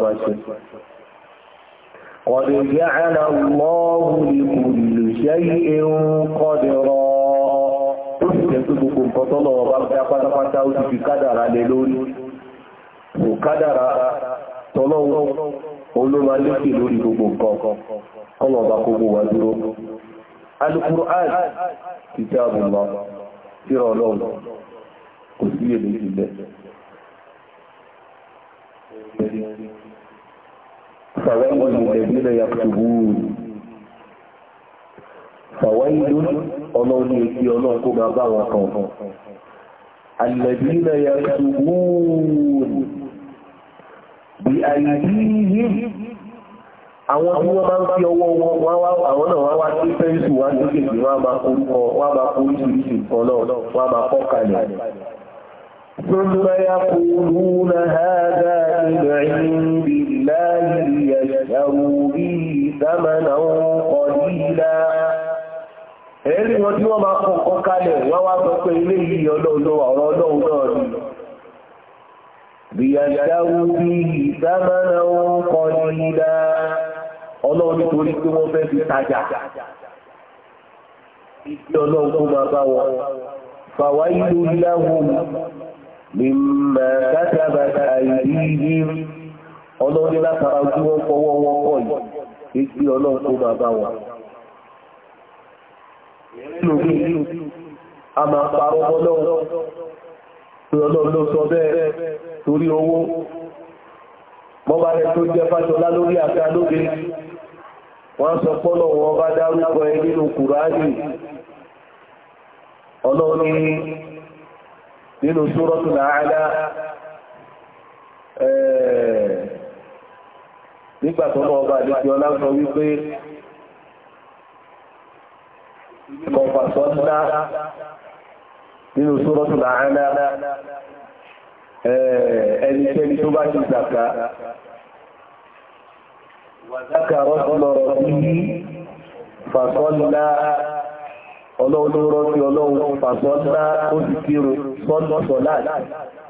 máa ṣe. قد جعل الله لكل شيء قدرا ó sì gbogbo tọ́lọ̀ ọba pátápátá ó ti fi kádàrà lórí kò kádàrà olóma gbogbo nǹkan kọlọ̀ ọba gbogbo wà dúró al Ọlọ́run kò sí فويل للذين يكتبون فويل ọlọ́run ní èsì ọlọ́run kó máa bá wọn kan alladhina yaktubun bí àìdíhìm àwọn tí wọ́n máa ń fi ọwọ́ wọn àwọn wá wá sí pẹ́ńsù wá sí kèkè wá bá kórúkọ wá bá kórúkọ náà wá bá kọ́kàlẹ̀ ثم يقولون هذا من عند الله ليشتروا به ثمنا قليلا ẹ̀rí wọn tí wọ́n máa kọ ọkọ̀ kalẹ̀ wọ́n wá sọ pé ilé yìí bí wọn kọ nílá ọlọ́run nítorí pé wọ́n fẹ́ fi tajà ìdí ọlọ́run mímọ̀ kátàbà ọlọ́rin látara ojú wọn fọwọ́ wọn kọ́ yìí gbé ọlọ́run tó máa bá wọn lórí a máa parọ́ ọlọ́run ló sọ bẹ́ẹ̀ torí owó mọ́bàrẹ tó jẹ́ fàṣọlá lórí àṣà lóde wọ́n sọ pọ́lọ̀ wọn bá ẹ nínú Suratul A'la nígbà tó mọ́ ọba àdíkì ọlá sọ wípé kọfà sọ́nà nínú Suratul A'la ẹnikẹ́ni tó bá ti zàkà wàzákà rọ́sùlọ̀rọ̀ yìí ọlọ́run ló rọ́ sí ọlọ́run pàṣọ ńlá ó ti kírun sọ́lọ́sọ̀lá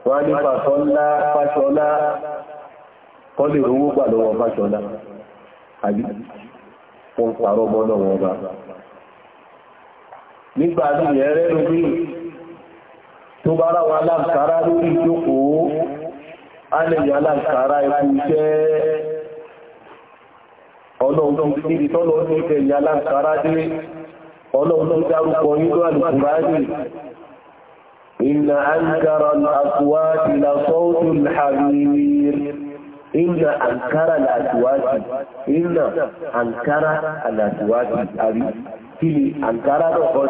wọ́n ní pàṣọ ńlá fáṣọlá kọ́ lè rówó gbà lọ́wọ́ fáṣọlá àbí wọ́n pàrọ̀ mọ́nà wọn bá nígbà ní ẹ̀rẹ́ lórí tó bá ráwọ aláǹkárá lórí ìjókòó á lè ikú iṣẹ́ ọlọ́run tó ní ìfẹ́ ìyà ọlọ́run dárúkọ nínú alùkùnrin inna ankara al-aswati la sawtu al-hamir inna ankara al-aswati inna ankara al-aswati àbí kí ni ankara lọ́kọ́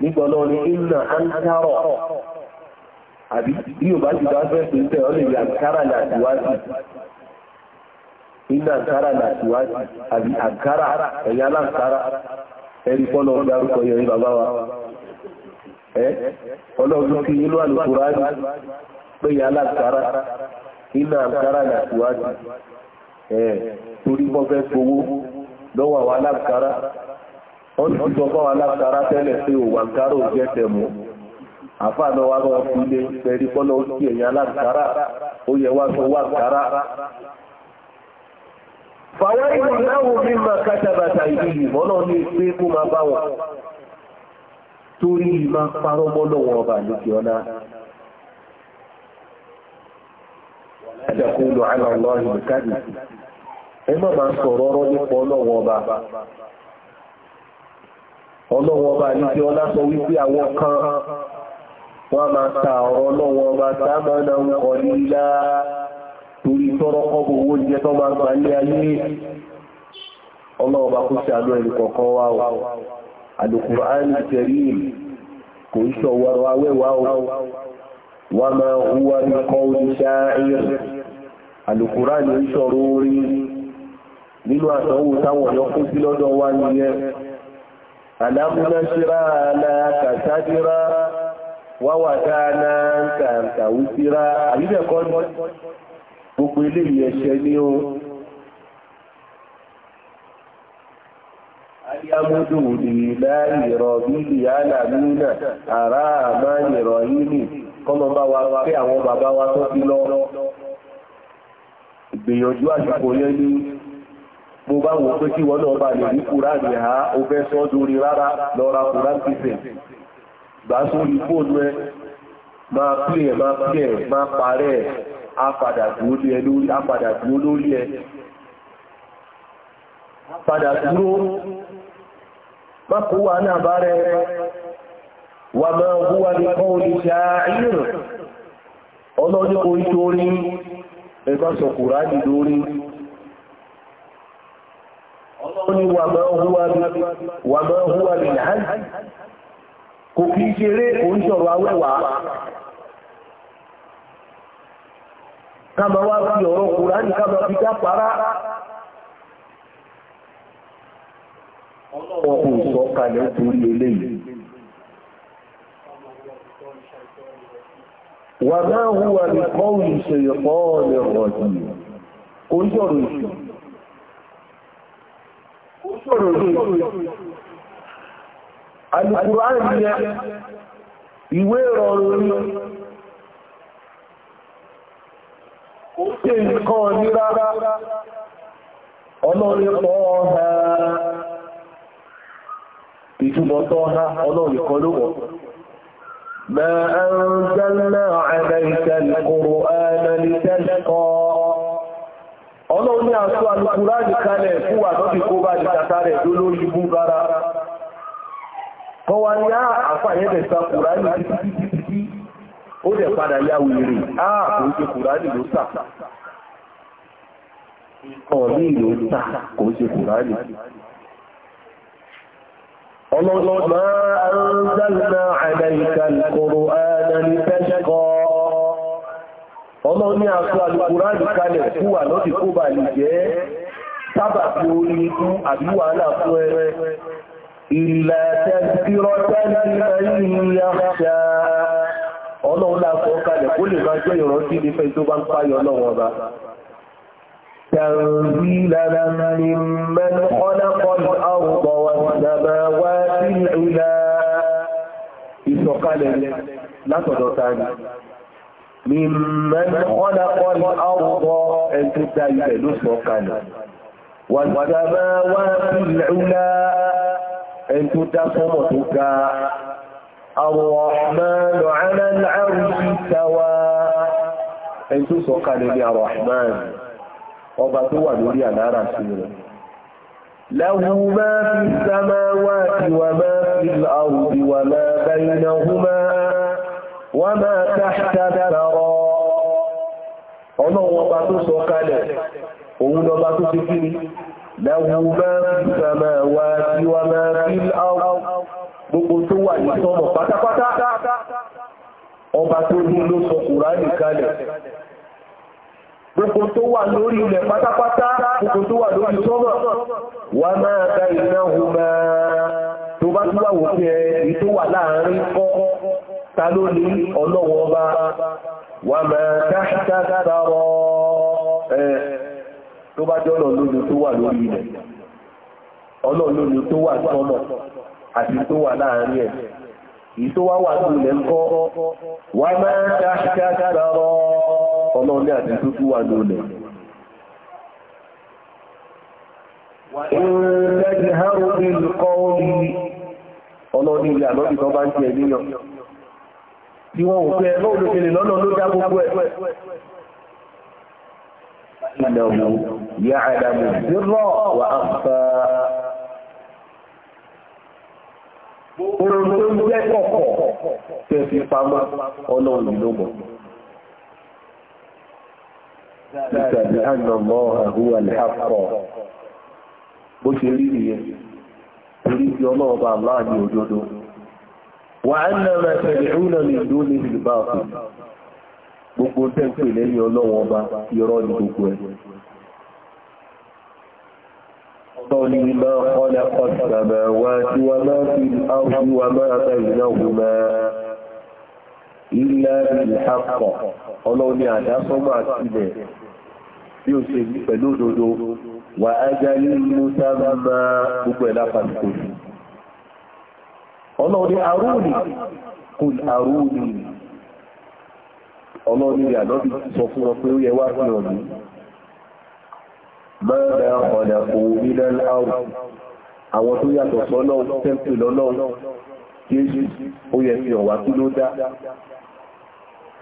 ni nígbà náà ni inna ankara àbí bí o bá ti bá fẹ́ pín tẹ́ ọ lè rí ankara al-aswati inna ankara al-aswati àbí ankara ẹ̀yà aláǹkara ẹni fọ́lọ̀ dárúkọ yẹn bàbá wa ẹ́ ọlọ́run kí inú àlùkùrá rí pé yà aláàkárá iná àkárá làkùwádìí ẹ̀ torí wọ́n fẹ́ fowó lọ́wọ́ àwọn aláàkárá wọ́n ti sọ fún àwọn aláàkárá tẹ́lẹ̀ pé òwà káró jẹ́ tẹ̀mú àfáàná wa lọ́wọ́ fún ilé pẹ̀lú fọ́lọ́ sí ẹ̀yìn aláàkárá ó yẹ wá sọ wá kárá fàwọn ìlú náwó bí ma kátàbàtà ìdílé mọ́nà ní pé kó ma bá wọn torí ma parọ́ mọ́nà wọn ọba lókè ọlá ẹ̀dẹ̀kúnlò ala mẹ́kàdì wọ́n máa ta ọ̀rọ̀ ọba sáà náà ń nílá tọrọ ọgbọ̀ owó jẹ tó máa gbà ní ayé ọlọ́ọ̀bá kó sí àdó ẹni kọ̀ọ̀kan wá o Al-Qur'an Karim kò ń sọ wọ́rọ̀ awẹ́wà o wa ma huwa bi qawli sha'ir Al-Qur'an ń sọ̀rọ̀ orí nínú àtọ́wò táwọn ọ̀yọ́ gbogbo ilé ìyẹ̀ṣẹ́ ní ó Ayámúdù ní láìrọ̀ nílì alàmúnà àrá àmá ìrọ̀ yìí kọmọ bá wa pé àwọn bàbá wa tó fi lọ. Ìgbìyànjú àsìkò yẹn ni mo bá wò pé kí wọ́n náà bá lè ní ha a padà dúró lé ẹ lórí a padà dúró lórí ẹ padà dúró má kó wà náà bá rẹ wà máa húwà ní kọ́ oníṣà ìrìn ọlọ́dún orí tó rí ẹgbà sọ̀kùrá jì lórí ọlọ́ni wà máa húwà ní hajj kò kìí ṣeré oníṣọ̀rọ̀ awẹ́wàá káàmà wá fi ọ̀rọ̀ kùránì káàmà fi já pará ọlọ́wọ́ kò torí eléyìí wà náà hùwà ní kọ́wù ìṣẹ̀yẹ̀ pọ́ọ̀lẹ̀ ọ̀dì kò ń sọ̀rọ̀ ìṣù ìwé ìrọ̀rùn nǹkan ní rárá ọlọ́rin ọ̀há ìtumọ̀ ọ̀há ọlọ́rin kan ló wọ̀ ما أنزلنا عليك القرآن لتشقى àṣọ alùkùránì kalẹ̀ fún wà ó dẹ̀ padà yá wèrè ààbò ṣe kùránì ló sà ọ̀rí ìlú sà kò ṣe kùránì ọlọ́lọ́ máa ń dágbà àdáyíká ìkọrọ̀ ààdáni tẹ́ṣẹ́kọ́ ọlọ́ ní àṣọ alùkùránì kalẹ̀ fúwà lọ́dí kó bà lè jẹ́ sábà tí ó ní fún àbíwà náà fún ẹrẹ ìlẹ̀ ọlọ́run láàpọ̀ kalẹ̀ kó lè máa jẹ́ ìrántí ní fẹ́ tó bá ń páyọ ọlọ́run ọba Tàrùbílára ni mẹ́nu ọ́lápọ̀lù àwùgbọ̀ wa dàbà wá sí ìlà ìsọ̀kalẹ̀ látọ̀dọ̀ tàrí. Ni mẹ́nu ọ́lápọ̀lù الرحمن على العرش سواء انتو سوكان يا الرحمن وبطوة نوري على رسوله له ما في السماوات وما في الأرض وما بينهما وما تحت ثرى ọlọ́wọ́ ọba tó sọ kalẹ̀ òun lọba tó ti kiri lẹ́wọ́ máa fi sàmà wá tí wá máa fi áwọ́ gbogbo tó wà ní sọ́rọ̀ pátápátá ọba tó ní ló sọ kùránì kalẹ̀ gbogbo tó wà lórí ilẹ̀ pátápátá gbogbo tó wà lórí sọ́rọ̀ wà máa ka iná hùmá tó bá tó wà wòfẹ́ èyí tó wà láàárín kọ́ ta ló ní ọlọ́wọ́ ọba wà máa dáṣítá sábàrọ̀ ẹ̀ tó bá jọ́ ọlọ́ọ̀lónìí tó wà lórí ilẹ̀ ọlọ́ọ̀lónìí tó wà sọ́mọ̀ àti tó wà láàrin ẹ̀ ìtó wá wà ní ilẹ̀ ńkọ́ wà máa ọlọ́run ní àti tó wà ìlẹ̀ ohun tó ń jẹ́ kọ̀kọ̀ tẹ́ fi ìtàbí ànàmọ́ àhúwà lẹ́àpọ̀ bó ṣe rí nìyẹn torí tí ọlọ́ọ̀bá aláàní òdodo wà á nàmà tẹ̀lẹ̀húnà lè ló ní ìlú bá gbogbo tẹ́ǹpẹ̀ lẹ́yìn ọlọ́wọ́ ọba يبطل ما خلق السماوات وما في الأرض وما بينهما إلا بالحق ọlọ́run ni àdásọ́mọ́ àti ilẹ̀ bí ó ṣe pẹ̀lú òdodo wà ájáyé mọ́rẹ̀ ọ̀nà òmìnà láàrùn àwọn tó yàtọ̀ sọ́lọ́ tẹ́mpì lọ́lọ́ jésù ó yẹ fi ọ̀wà kí ló dá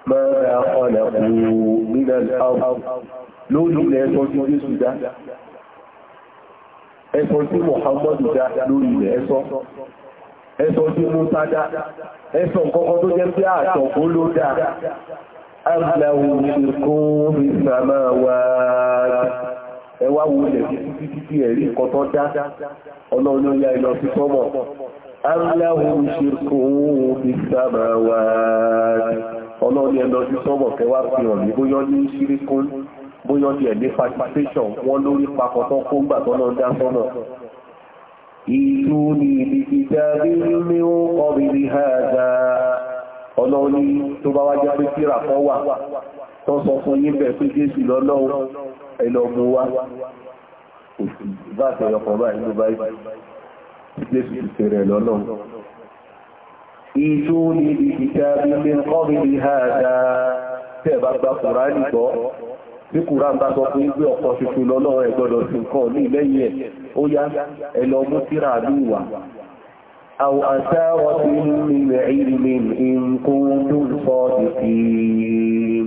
mọ́rẹ̀ ọ̀nà òmìnà láàrùn lórílẹ̀ ẹ̀sọ́ tí jésù dá ẹ̀sọ́ tí Muhammadu dá lórílẹ̀ ẹ̀sọ́ ẹ̀sọ́ tí Musa dá ẹ̀sọ́ kọ́kọ́ tó jẹ́ ẹwà wulẹ̀ títí títí ẹ̀rí kọtọ́ dá ọlọ́run ya ilọ̀ sí sọ́mọ̀ aláwọ̀ ṣirkùn fi sábà wà ọlọ́run ẹlọ sí sọ́mọ̀ kẹwàá fi hàn ní bóyọ́ ní ṣíríkún bóyọ́ ní ẹ̀mí participation wọ́n lórí pakọ̀tọ́ dá ìtúni ìdíjá ó ní wájá pé ẹlọ mú wá òsì bá àtẹ̀yọ kan báyìí ló báyìí jésù ti fèrè lọ́nà ìjú ní ìdíkà bí i kọ́bí ní hàdá tẹ́ bá gba kùránì gbọ́ bí kùrán bá sọ fún ìgbé ọ̀pọ̀ ṣoṣo lọ́nà ẹ sí nǹkan ní ìlẹ́yìn ẹ̀ ó yá ẹlọ mú síra àlúwà أو أساوة من علم إن كنتم صادقين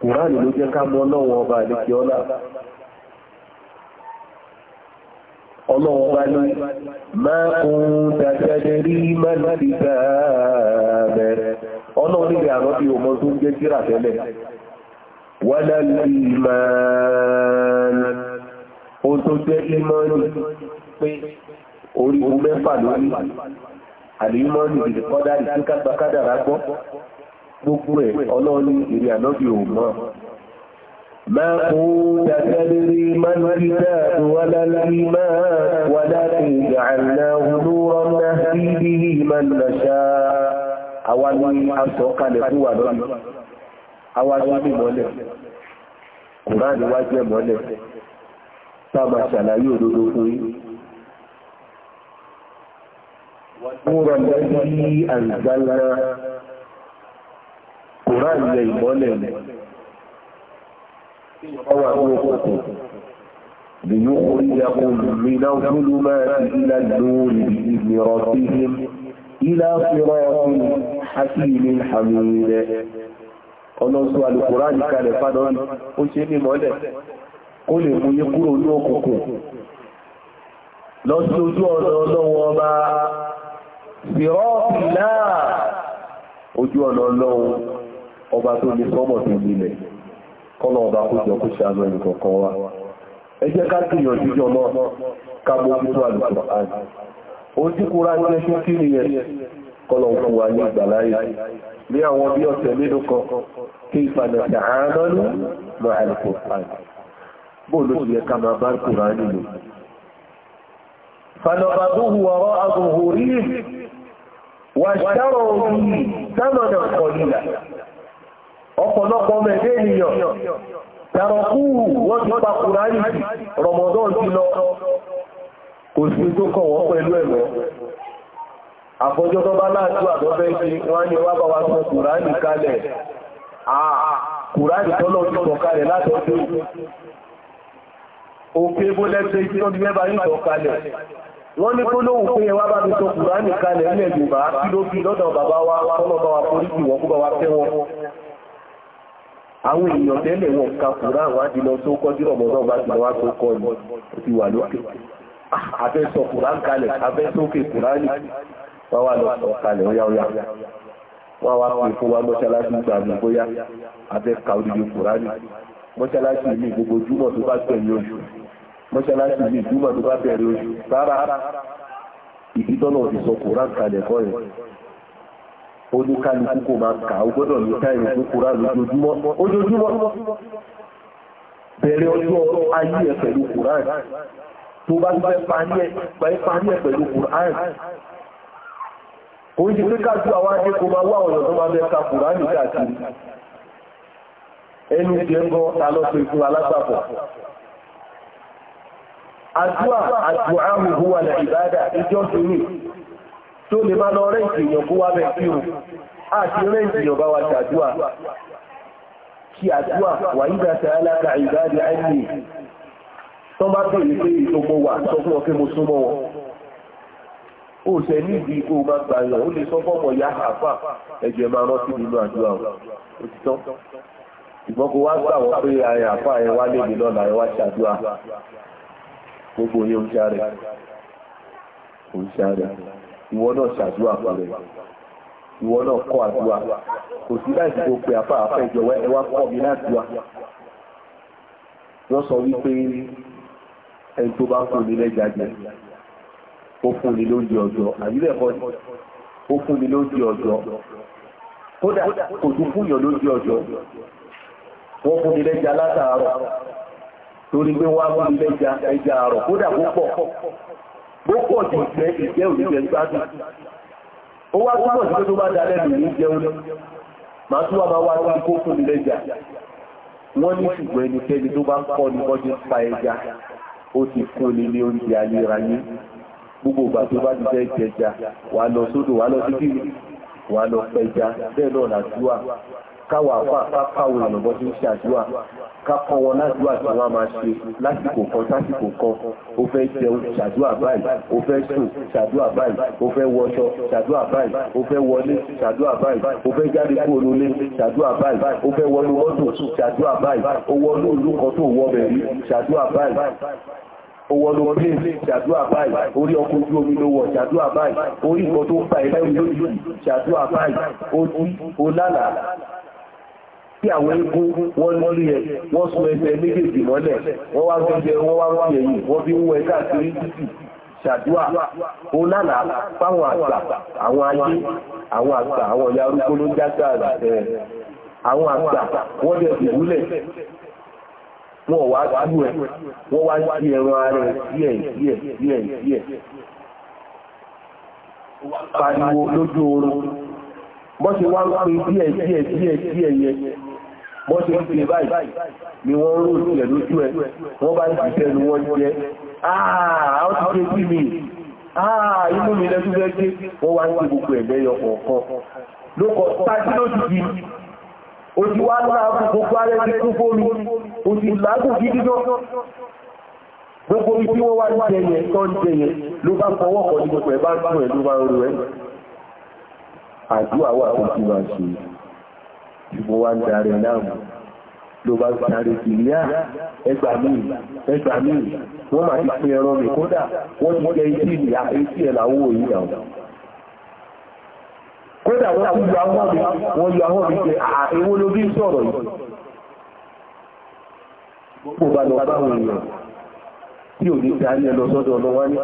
kùránì ló jẹ́ ká mọ̀ ọlọ́wọ̀n ọba àdíkì ọlá ọlọ́wọ̀n bá ní máa ń dájájẹ́ rí mẹ́lẹ́dì bẹ́ẹ̀ ọlọ́wọ̀n níbi àrọ́ bí ọmọ tó ń jẹ́ jíra tó gbogbo ẹ̀ ọlọ́ọ̀ni ìrìn ànábì ò mọ́ ما كنت تدري ما الكتاب ولا الإيمان ولكن جعلناه نورا نهدي به من نشاء awani asọ̀kalẹ̀ fún wa lọ́nà awani ní mọ́lẹ̀ kùránì wá jẹ́ mọ́lẹ̀ sáàmà ṣàlàyé òdodo fún Kòrán ilẹ̀ ìmọ́lẹ̀ ni. Ọwà ní okùnkùn, lè yóò kó ìyá olùmí náà fúlú máa ti ilá lórí ìmìrọ̀ sí him, ilá fìrọ̀ ọ̀hún àti ilé àmì rẹ̀. ní kalẹ̀ ó ṣe lè kúrò ní ojú ọ̀nà ọba tó lè sọ́mọ̀ tó nílẹ̀ kọ́nà ọba kó jọ kó ṣàánú ẹni kọ̀ọ̀kan wa ẹ jẹ́ ká kí ìyànjú jọ náà ká mú ojú tó àlùkò àn ojú kúra ní ẹṣẹ́ kí ni yẹn kọ́nà òkú wa ní ìgbàláyé ní àwọn bí ọ̀sẹ̀ mélòó kan kí ìfàdà ọ̀pọ̀lọpọ̀ mẹ́lẹ́ ènìyàn tàrọkú wọ́n ti pa kùránì rọmọdán ti lọ kò sí tó kọ̀ wọ́n pẹ̀lú ẹ̀lọ́ àfọjọ́ tó bá láàájú àdọ́fẹ́ sí wọ́n ní wá bá wa sọ kùránì kalẹ̀ kùránì tọ́lọ̀ ti sọ kalẹ̀ látọ́jú òkè bólẹ́gbẹ́ tí wọ́n ní kó lóhùn pé ẹwà bá mi sọ kùránì kalẹ̀ nílẹ̀ yorùbá kí ló fi lọ́dọ̀ bàbá wa tọ́lọ̀ bá wa forí jù wọ́n kó fẹ́ wọn àwọn èèyàn tẹ́lẹ̀ wọn ka kùrá àwọn àdìlọ tó kọ́ sí ọmọdé ọba tí wọ́n tó kọ́ ní ti wà lókè afẹ́sọ ah, kùrá ń kalẹ̀ afẹ́sókè kùrá ní wọ́n wà lọ sọ kalẹ̀ ọyá ọyá wọ́n wá pè fún wa mọ́ṣáláṣí gbàgbé bóyá afẹ́ ka odidi kùrá ní mọ́ṣáláṣí mi gbogbo júmọ̀ tó bá tẹ̀lé oṣù mọ́ṣáláṣí mi júmọ̀ tó bá bẹ̀rẹ̀ oṣù rárá ìdítọ́nà ti sọ kùrá ń kalẹ̀ kọ́ yẹn olúkálukú kò máa kà ó gbọ́dọ̀ ní táìmù tó kúrá lójoojúmọ́ ojoojúmọ́ bẹ̀rẹ̀ ọjọ́ ayé ẹ̀ pẹ̀lú kùrán tó bá gbẹ́ parí ẹ̀ pẹ̀lú kùrán kò ń ṣe pé kájú àwọn ajé kò máa wá ọ̀nà tó máa bẹ́ ka kùrán káàkiri ẹnu jẹ́ ń gan ta lọ pé fún alágbàpọ̀ àdúrà àdúrà àmùhùwà nàìjíríà ìjọ́sìn tó lè máa lọ rẹ́ ìkèèyàn kó wá bẹ́ẹ̀ kírun àti rẹ́ ìkèèyàn bá wa ṣàdúà kí àdúà wà ìgbà tààlákà ìbáàdì àìní tán bá bèèrè pé ètò mo wà sọ fún ọkẹ́ mo súnmọ́ wọn ó ṣe ní ìdí kó máa gbà yàn ó lè sọ fọ́mọ ya àfà ẹ̀jẹ̀ máa rántí nínú àdúrà ó ti tán ìgbọ́n kó wá gbà wọ́n pé àyà àfà ẹ̀ wá lè nílọ́ là wá ṣàdúà gbogbo yẹn ń ṣàrẹ̀ ń ṣàrẹ̀ ìwọ náà ṣàdúrà fún rẹ̀ ìwọ náà kọ́ àdúrà kò sí láìsí tó pe àfà àfà ìjọwọ́ ẹwà kọ́ mi ládùúà wọ́n sọ wípé ẹni tó bá fún mi lẹ́jà jẹ ó fún mi lóúnjẹ ọjọ́ àyílẹ̀ kọ́ ó fún mi lóúnjẹ ọjọ́ kódà kò tún fún yàn lóúnjẹ ọjọ́ wọ́n fún mi lẹ́jà látàárọ̀ torí pé wọ́n á fún mi lẹ́jà ẹja àrọ̀ kódà púpọ̀ bó pọ̀ jù ìfẹ́ ìjẹ́ òjújẹ gbádùn ó wá túbọ̀ sí tó bá dá lẹ́nu ní jẹun máa tún wà máa wá ní kó fún ilẹ́jà wọ́n ní ṣùgbọ́n ẹnikẹ́ni tó bá kọ́ ní bọ́jú pa ẹja ó ti fún ni ní oúnjẹ ayérayé gbogbo ìgbà tó bá ti fẹ́ jẹja wà lọ sódò wà lọ sí kí wà lọ pẹja bẹ́ẹ̀ náà làdúrà káwà àpá káwà ìrànlọ́bọ́ tí ń ṣe àdúrà kápọ̀ wọn ládùúrà tí wọ́n máa ṣe lásìkò kan sásìkò kan ó fẹ́ jẹun ṣàdúrà báyìí ó fẹ́ sùn ṣàdúrà báyìí ó fẹ́ wọṣọ ṣàdúrà báyìí ó fẹ́ wọlé ṣàdúrà báyìí ó fẹ́ jáde kú olólé ṣàdúrà báyìí ó fẹ́ wọlé mọ́tò ṣàdúrà báyìí ó wọlé olúkọ tó wọ bẹ̀rí ṣàdúrà báyìí owó ló rí ṣàdúrà báyìí orí ọkọ̀ ojú omi ló wọ̀ ṣàdúrà báyìí orí nǹkan tó ń pa ẹ̀lẹ́rìí lójú ṣàdúrà báyìí ó tí ó lálàá tí àwọn eégún wọ́n lórí ẹ wọ́n sún ẹsẹ̀ méjèèjì mọ́lẹ̀ wọ́n wá gbẹ́jẹ wọ́n wá wọ́n yẹ̀yìn wọ́n fi ń wọ ẹ̀ka títì ṣàdúà ó fáwọn àgbà àwọn ayé àwọn àgbà àwọn ìyá arúgbó ló jágbà rẹ̀ àwọn àgbà wọ́n dẹ̀ ìwúlẹ̀ wọ́n wá ẹ̀ wọ́n ẹran ara ẹ̀ díẹ̀ díẹ̀ díẹ̀ pariwo lójú oorun bọ́sẹ̀ wá ń pè díẹ̀ díẹ̀ díẹ̀ wọ́n ti fi báyìí ni wọ́n rò ìṣẹ̀ lójú ẹ wọ́n bá ti fẹ́ ní wọ́n jẹ́ àà ó ti fẹ́ sí mi àà inú mi lẹ́jú lẹ́jẹ́ wọ́n wá sí gbogbo ẹ̀gbẹ́ yọ kọ̀ọ̀kan ló kọ̀ tájí lójijì ó ti wá láàbù gbogbo alẹ́ ti kú fóònù ó ti láàbù gidi náà gbogbo ibi tí wọ́n wá ní jẹyẹ tó ń jẹyẹ ló bá fọwọ́ kọ̀ ní gbogbo ẹ̀ bá ń tún wà tó ti ṣe mo wá ń darí láàmù ló bá darí kìlíà ẹgbà míì ẹgbà míì wọ́n máa ti pín ẹran mi kódà wọ́n ti jẹ etí ìyá etí ẹ̀ làwọn òyìn àwọn kódà wọ́n ti yọ ahọ́n mi wọ́n yọ ahọ́n mi pé àìwó ló bí sọ̀rọ̀ yìí mo bá lọ báwọn èèyàn tí ò ní darí ẹ lọ sọ́dọ̀ ọlọ́wọ́ ní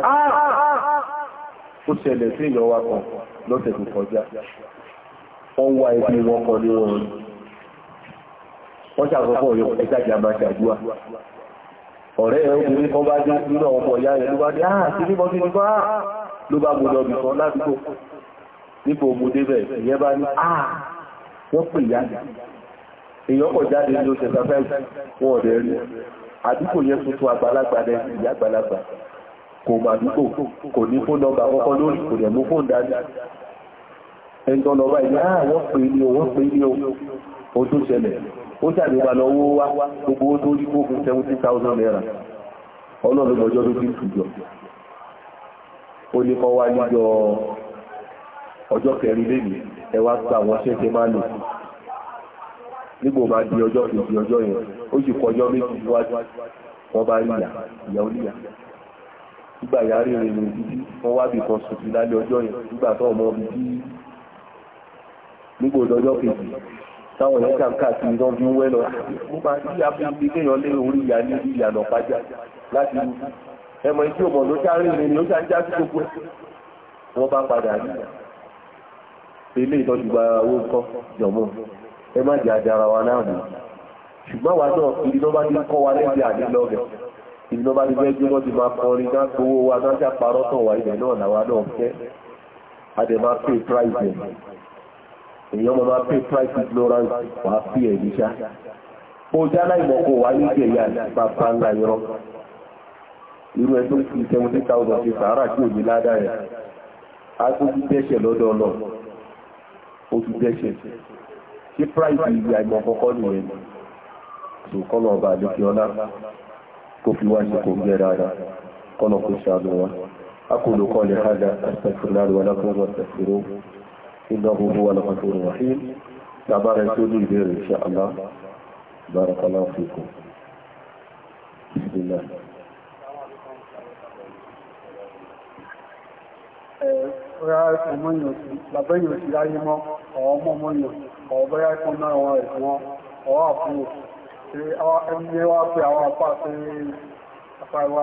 ó ṣẹlẹ̀ sí ìyọ̀wá kan lọ́sẹ̀ tó kọjá wọ́n wá ibi wọn kọ ní wọn wọ́n ṣàkọ́kọ́ yóò ẹjáde àbáṣàdúwà ọ̀rẹ́ obìnrin kan bá jẹ́ nínú ọmọ ìyá rẹ̀ ló bá dé àà sí níbọn nínú bá ló bá gbọdọ̀ ọdún kan ládùúgbò nípa òmùdé bẹ̀ ìyẹ́ bá ní àà ah. wọ́n pè ìyá èèyàn kọ̀ jáde ní oṣù sáfẹ́ wọn ọ̀dẹ̀ rí àdúgbò yẹn tuntun àgbàlagbà rẹ̀ ìyá àgbàlagbà kò mà àdúgbò kò ní fóònù nọ́mbà kọ́kọ́ lórí kò dẹ̀ mú fóònù dání ẹjọ́ ọba ẹ̀yà wọ́n pè ní wọ́n pè ní o tó ṣẹlẹ̀ ó ṣàdébà lọ́wọ́ wá gbogbo ó tó rí fún naira ọlọ́run tó fi tùjọ ó ní kọ́ wá níjọ ọjọ́ kẹrin lẹ́yìn ẹ wá gba àwọn ṣẹ́ṣẹ́ máa lò bá tó nígbò lọ́jọ́ kejì táwọn èèyàn kà ń káàkiri tó fi ń wẹ́ lọ mú bá sí abúlé kéèyàn lé orí ìyá ní orí ìyá lọ pàjá láti rú ẹmọ ìdí òmò ló sáré rè ni ó sá já sí gbogbo ẹ wọn bá padà rí ilé ìtọ́jú gba owó kọ́ jọ̀mọ́ ẹ má jẹ́ àdára wa náà mú ṣùgbọ́n wa náà ibi tó bá ti kọ́ wa lẹ́sẹ̀ àdínlọ́gẹ̀ ibi tó bá ti fẹ́ gbé wọ́n ti máa kọrin ká gbowó wa ká ṣàparọ́ èèyàn máa pay price ignorance wàá fi ẹ̀rí ṣá ó já láìmọ̀ kó wà ní ìjẹ̀yà bàbá ńlá irọ́ irú ẹ̀ tó fi seventy thousand sàárà tí òye ládàá rẹ̀ á tó lọ́dọ̀ ọ̀nà ó ti price nìyẹn tó kọ́nà ọba àdókè ọlá kó fi wá ṣe kò gbẹ dáadáa kọ́nà kó ṣàánú wa. أقول قولي إنه هو الغفور الرحيم تعبار يسوني بير إن شاء الله بارك الله فيكم بسم الله Ọ̀rẹ́ ọmọ yòó sí, bàbá yòó sí láyé mọ́, ọmọ ọmọ yòó, ọ̀bọ̀yá ẹ̀kọ́ náà wọ́n ẹ̀kọ́, ọwọ́ àfúnwò, ẹni wá pé àwọn apá pé apá ìwá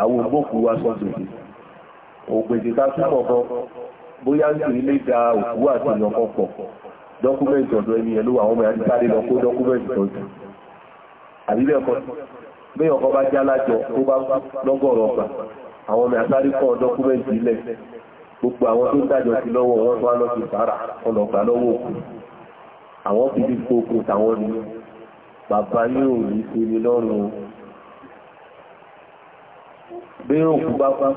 àwọn ògbókù wa sọ́dọ̀ sí ògbèdè ká túnmọ̀ kan bóyá ń tèé lè da òkú àti ìyọkọ̀ pọ̀ dọ́kúmẹ̀ntì ọ̀dọ̀ ẹni ẹ̀lú àwọn ọmọ ìyájíkáre lọ kó dọ́kúmẹ̀ntì tọ́jú àbíbẹ̀kọ́ bí ọkọ̀ bá já lájọ tó bá lọ́gọ̀rọ̀ ọgbà àwọn ọmọ ìyájíkáre kọ́ dọ́kúmẹ̀ntì ilẹ̀ gbogbo àwọn tó dájọ sí lọ́wọ́ wọn tó wá lọ sí fara ọlọ́gbà lọ́wọ́ òkú àwọn fi ní kókó tàwọn ni bàbá yóò rí sí ni lọ́rùn bẹ́ẹ̀ òkú bá fá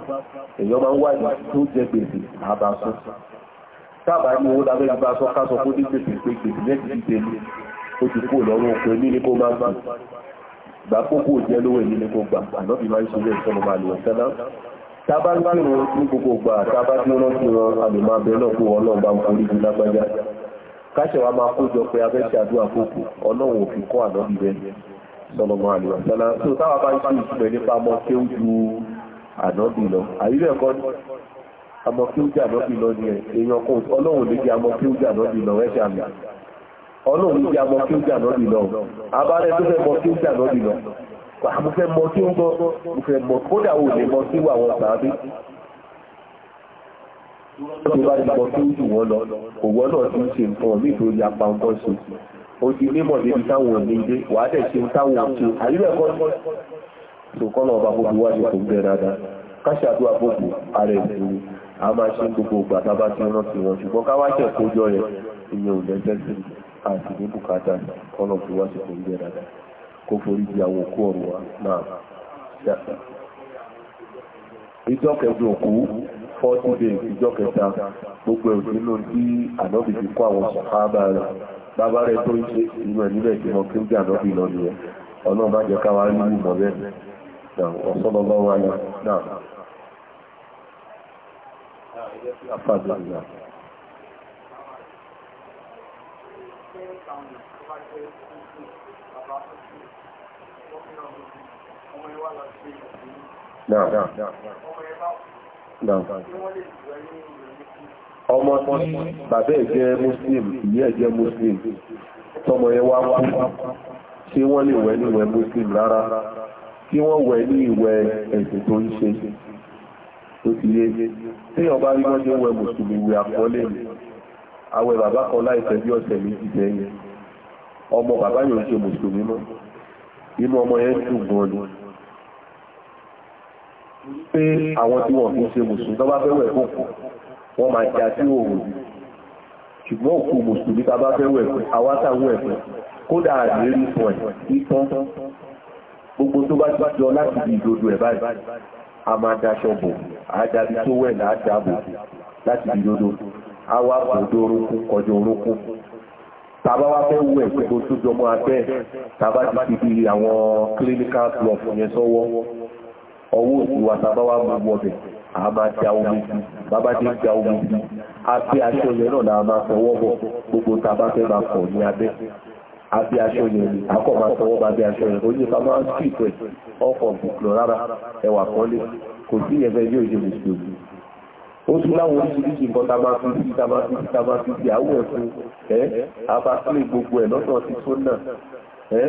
èyàn máa ń wá ìgbà tó jẹ gbèsè àbá sọ sábà ní owó lábẹ́ ìgbà sọ ká sọ fún ní gbèsè pé gbèsè lẹ́sì ti tẹ̀lé ó ti kó lọ́rùn òkú ẹni ní kó máa gbà gbà kókó jẹ́ lówó ẹni ní kó gbà ànábì máa ń ṣe ilé ìṣọ́nà máa lò ọ̀sẹ̀ náà tábà ń gbèrò ní gbogbo gbà tábà tí wọ́n ti ran àlùmọ́ abẹ náà kó wọn náà bá ń forí ní lágbájá káṣẹ̀ wa máa kójọ pé abẹ́ ṣe àdúrà kókò Anọ lọ àyílẹ̀ ẹ̀kọ́ àmọ́ kí ó jẹ́ ànọ́bì lọ ní èèyàn kò ọlọ́run lè jẹ́ àmọ́ kí ó jẹ́ ànọ́bì lọ ẹ̀ṣẹ̀ àmì ọlọ́run lè jẹ́ àmọ́ kí ó jẹ́ ànọ́bì lọ tó fẹ́ mọ kí ó jẹ́ lọ mọ kí ó mọ kódà lè mọ sí àwọn sàábí mọ kí ó jù wọ́n lọ náà ti ń ṣe nǹkan mí tó ya pa nǹkan ṣe ó ti ṣùkọ́nà ọba gbogbo wájú kò kachasị dáadáa káṣàdúrà ààrẹ a máa ṣe gbogbo ìgbà si bá ti rántí ṣùgbọ́n káwáṣẹ̀ kójọ rẹ̀ ìyẹn ò lẹ́jẹ́ sí àti ní bùkátà kọ́nà tó wá sí kò gbẹ dáadáa kó forí di àwọn òkú ọ̀rọ̀ wa náà gbogbo tí ànábì ti kó àwọn rẹ̀ rẹ̀ tó ń ṣe ìmọ̀ نعم وصلى الله على نعم أفاد الله نعم نعم نعم ọmọ bàbá ẹ̀ jẹ́ muslim ìyá ẹ̀ jẹ́ muslim tọmọ ẹ̀ wá wá ṣé wọ́n lè wẹ̀ ní wẹ̀ muslim rárá kí wọ́n wẹ̀ ní ìwẹ̀ ẹ̀sìn tó ń ṣe tó ti yé tí ọba rí wọ́n jẹ́ wẹ̀ mùsùlùmí àpọ́lẹ̀ àwẹ̀ bàbá kan láìpẹ́ bí ọ̀sẹ̀ méjì sẹ́yìn ọmọ bàbá yóò ṣe mùsùlùmí mọ́ inú ọmọ yẹn dùn gan ni pé àwọn tí wọ́n fi ṣe mùsùlùmí tó bá fẹ́ wẹ̀ fún wọn máa jà sí òòrùn ṣùgbọ́n òkú mùsùlùmí tá bá fẹ́ wẹ̀ fún àwátà wẹ̀ fún kódà àdéhùn fún ẹ̀ gbogbo tó bá jọ láti bí ìdodo ẹ̀ báyìí a máa daṣọ bò àádábi tó wẹ̀ láàdábò láti bí ìdodo a wá bòdó orúnkún kọjọ orúnkún tàbá wá fẹ́ wẹ̀ gbogbo tó jọmọ abẹ́ tàbá ti fi bí àwọn clinical club yẹn sọ́wọ́ ọwọ́ òsì wa tàbá wá mú wọbẹ̀ a máa da omi sí bàbá dé da omi sí abẹ́ aṣọ yẹn náà la máa fọwọ́ bọ̀ gbogbo tàbá fẹ́ máa kọ̀ ní abẹ́ àbí aṣọ ni àkọ́bà tọwọ́ bá bí aṣọ ni oní ìfàmà street rẹ̀ ọkọ̀ bùkùlọ̀ rárá ẹwà kọ́lé kò sí ẹ̀fẹ́ yóò ṣe mùsùlùmí ó tún láwọn oríṣiríṣi nǹkan tá bá fi sí tá bá fi sí tá bá fi sí àwọn ẹ̀sùn ẹ́ abáṣílẹ̀ gbogbo ẹ̀ lọ́sọ̀ sí tó náà ẹ́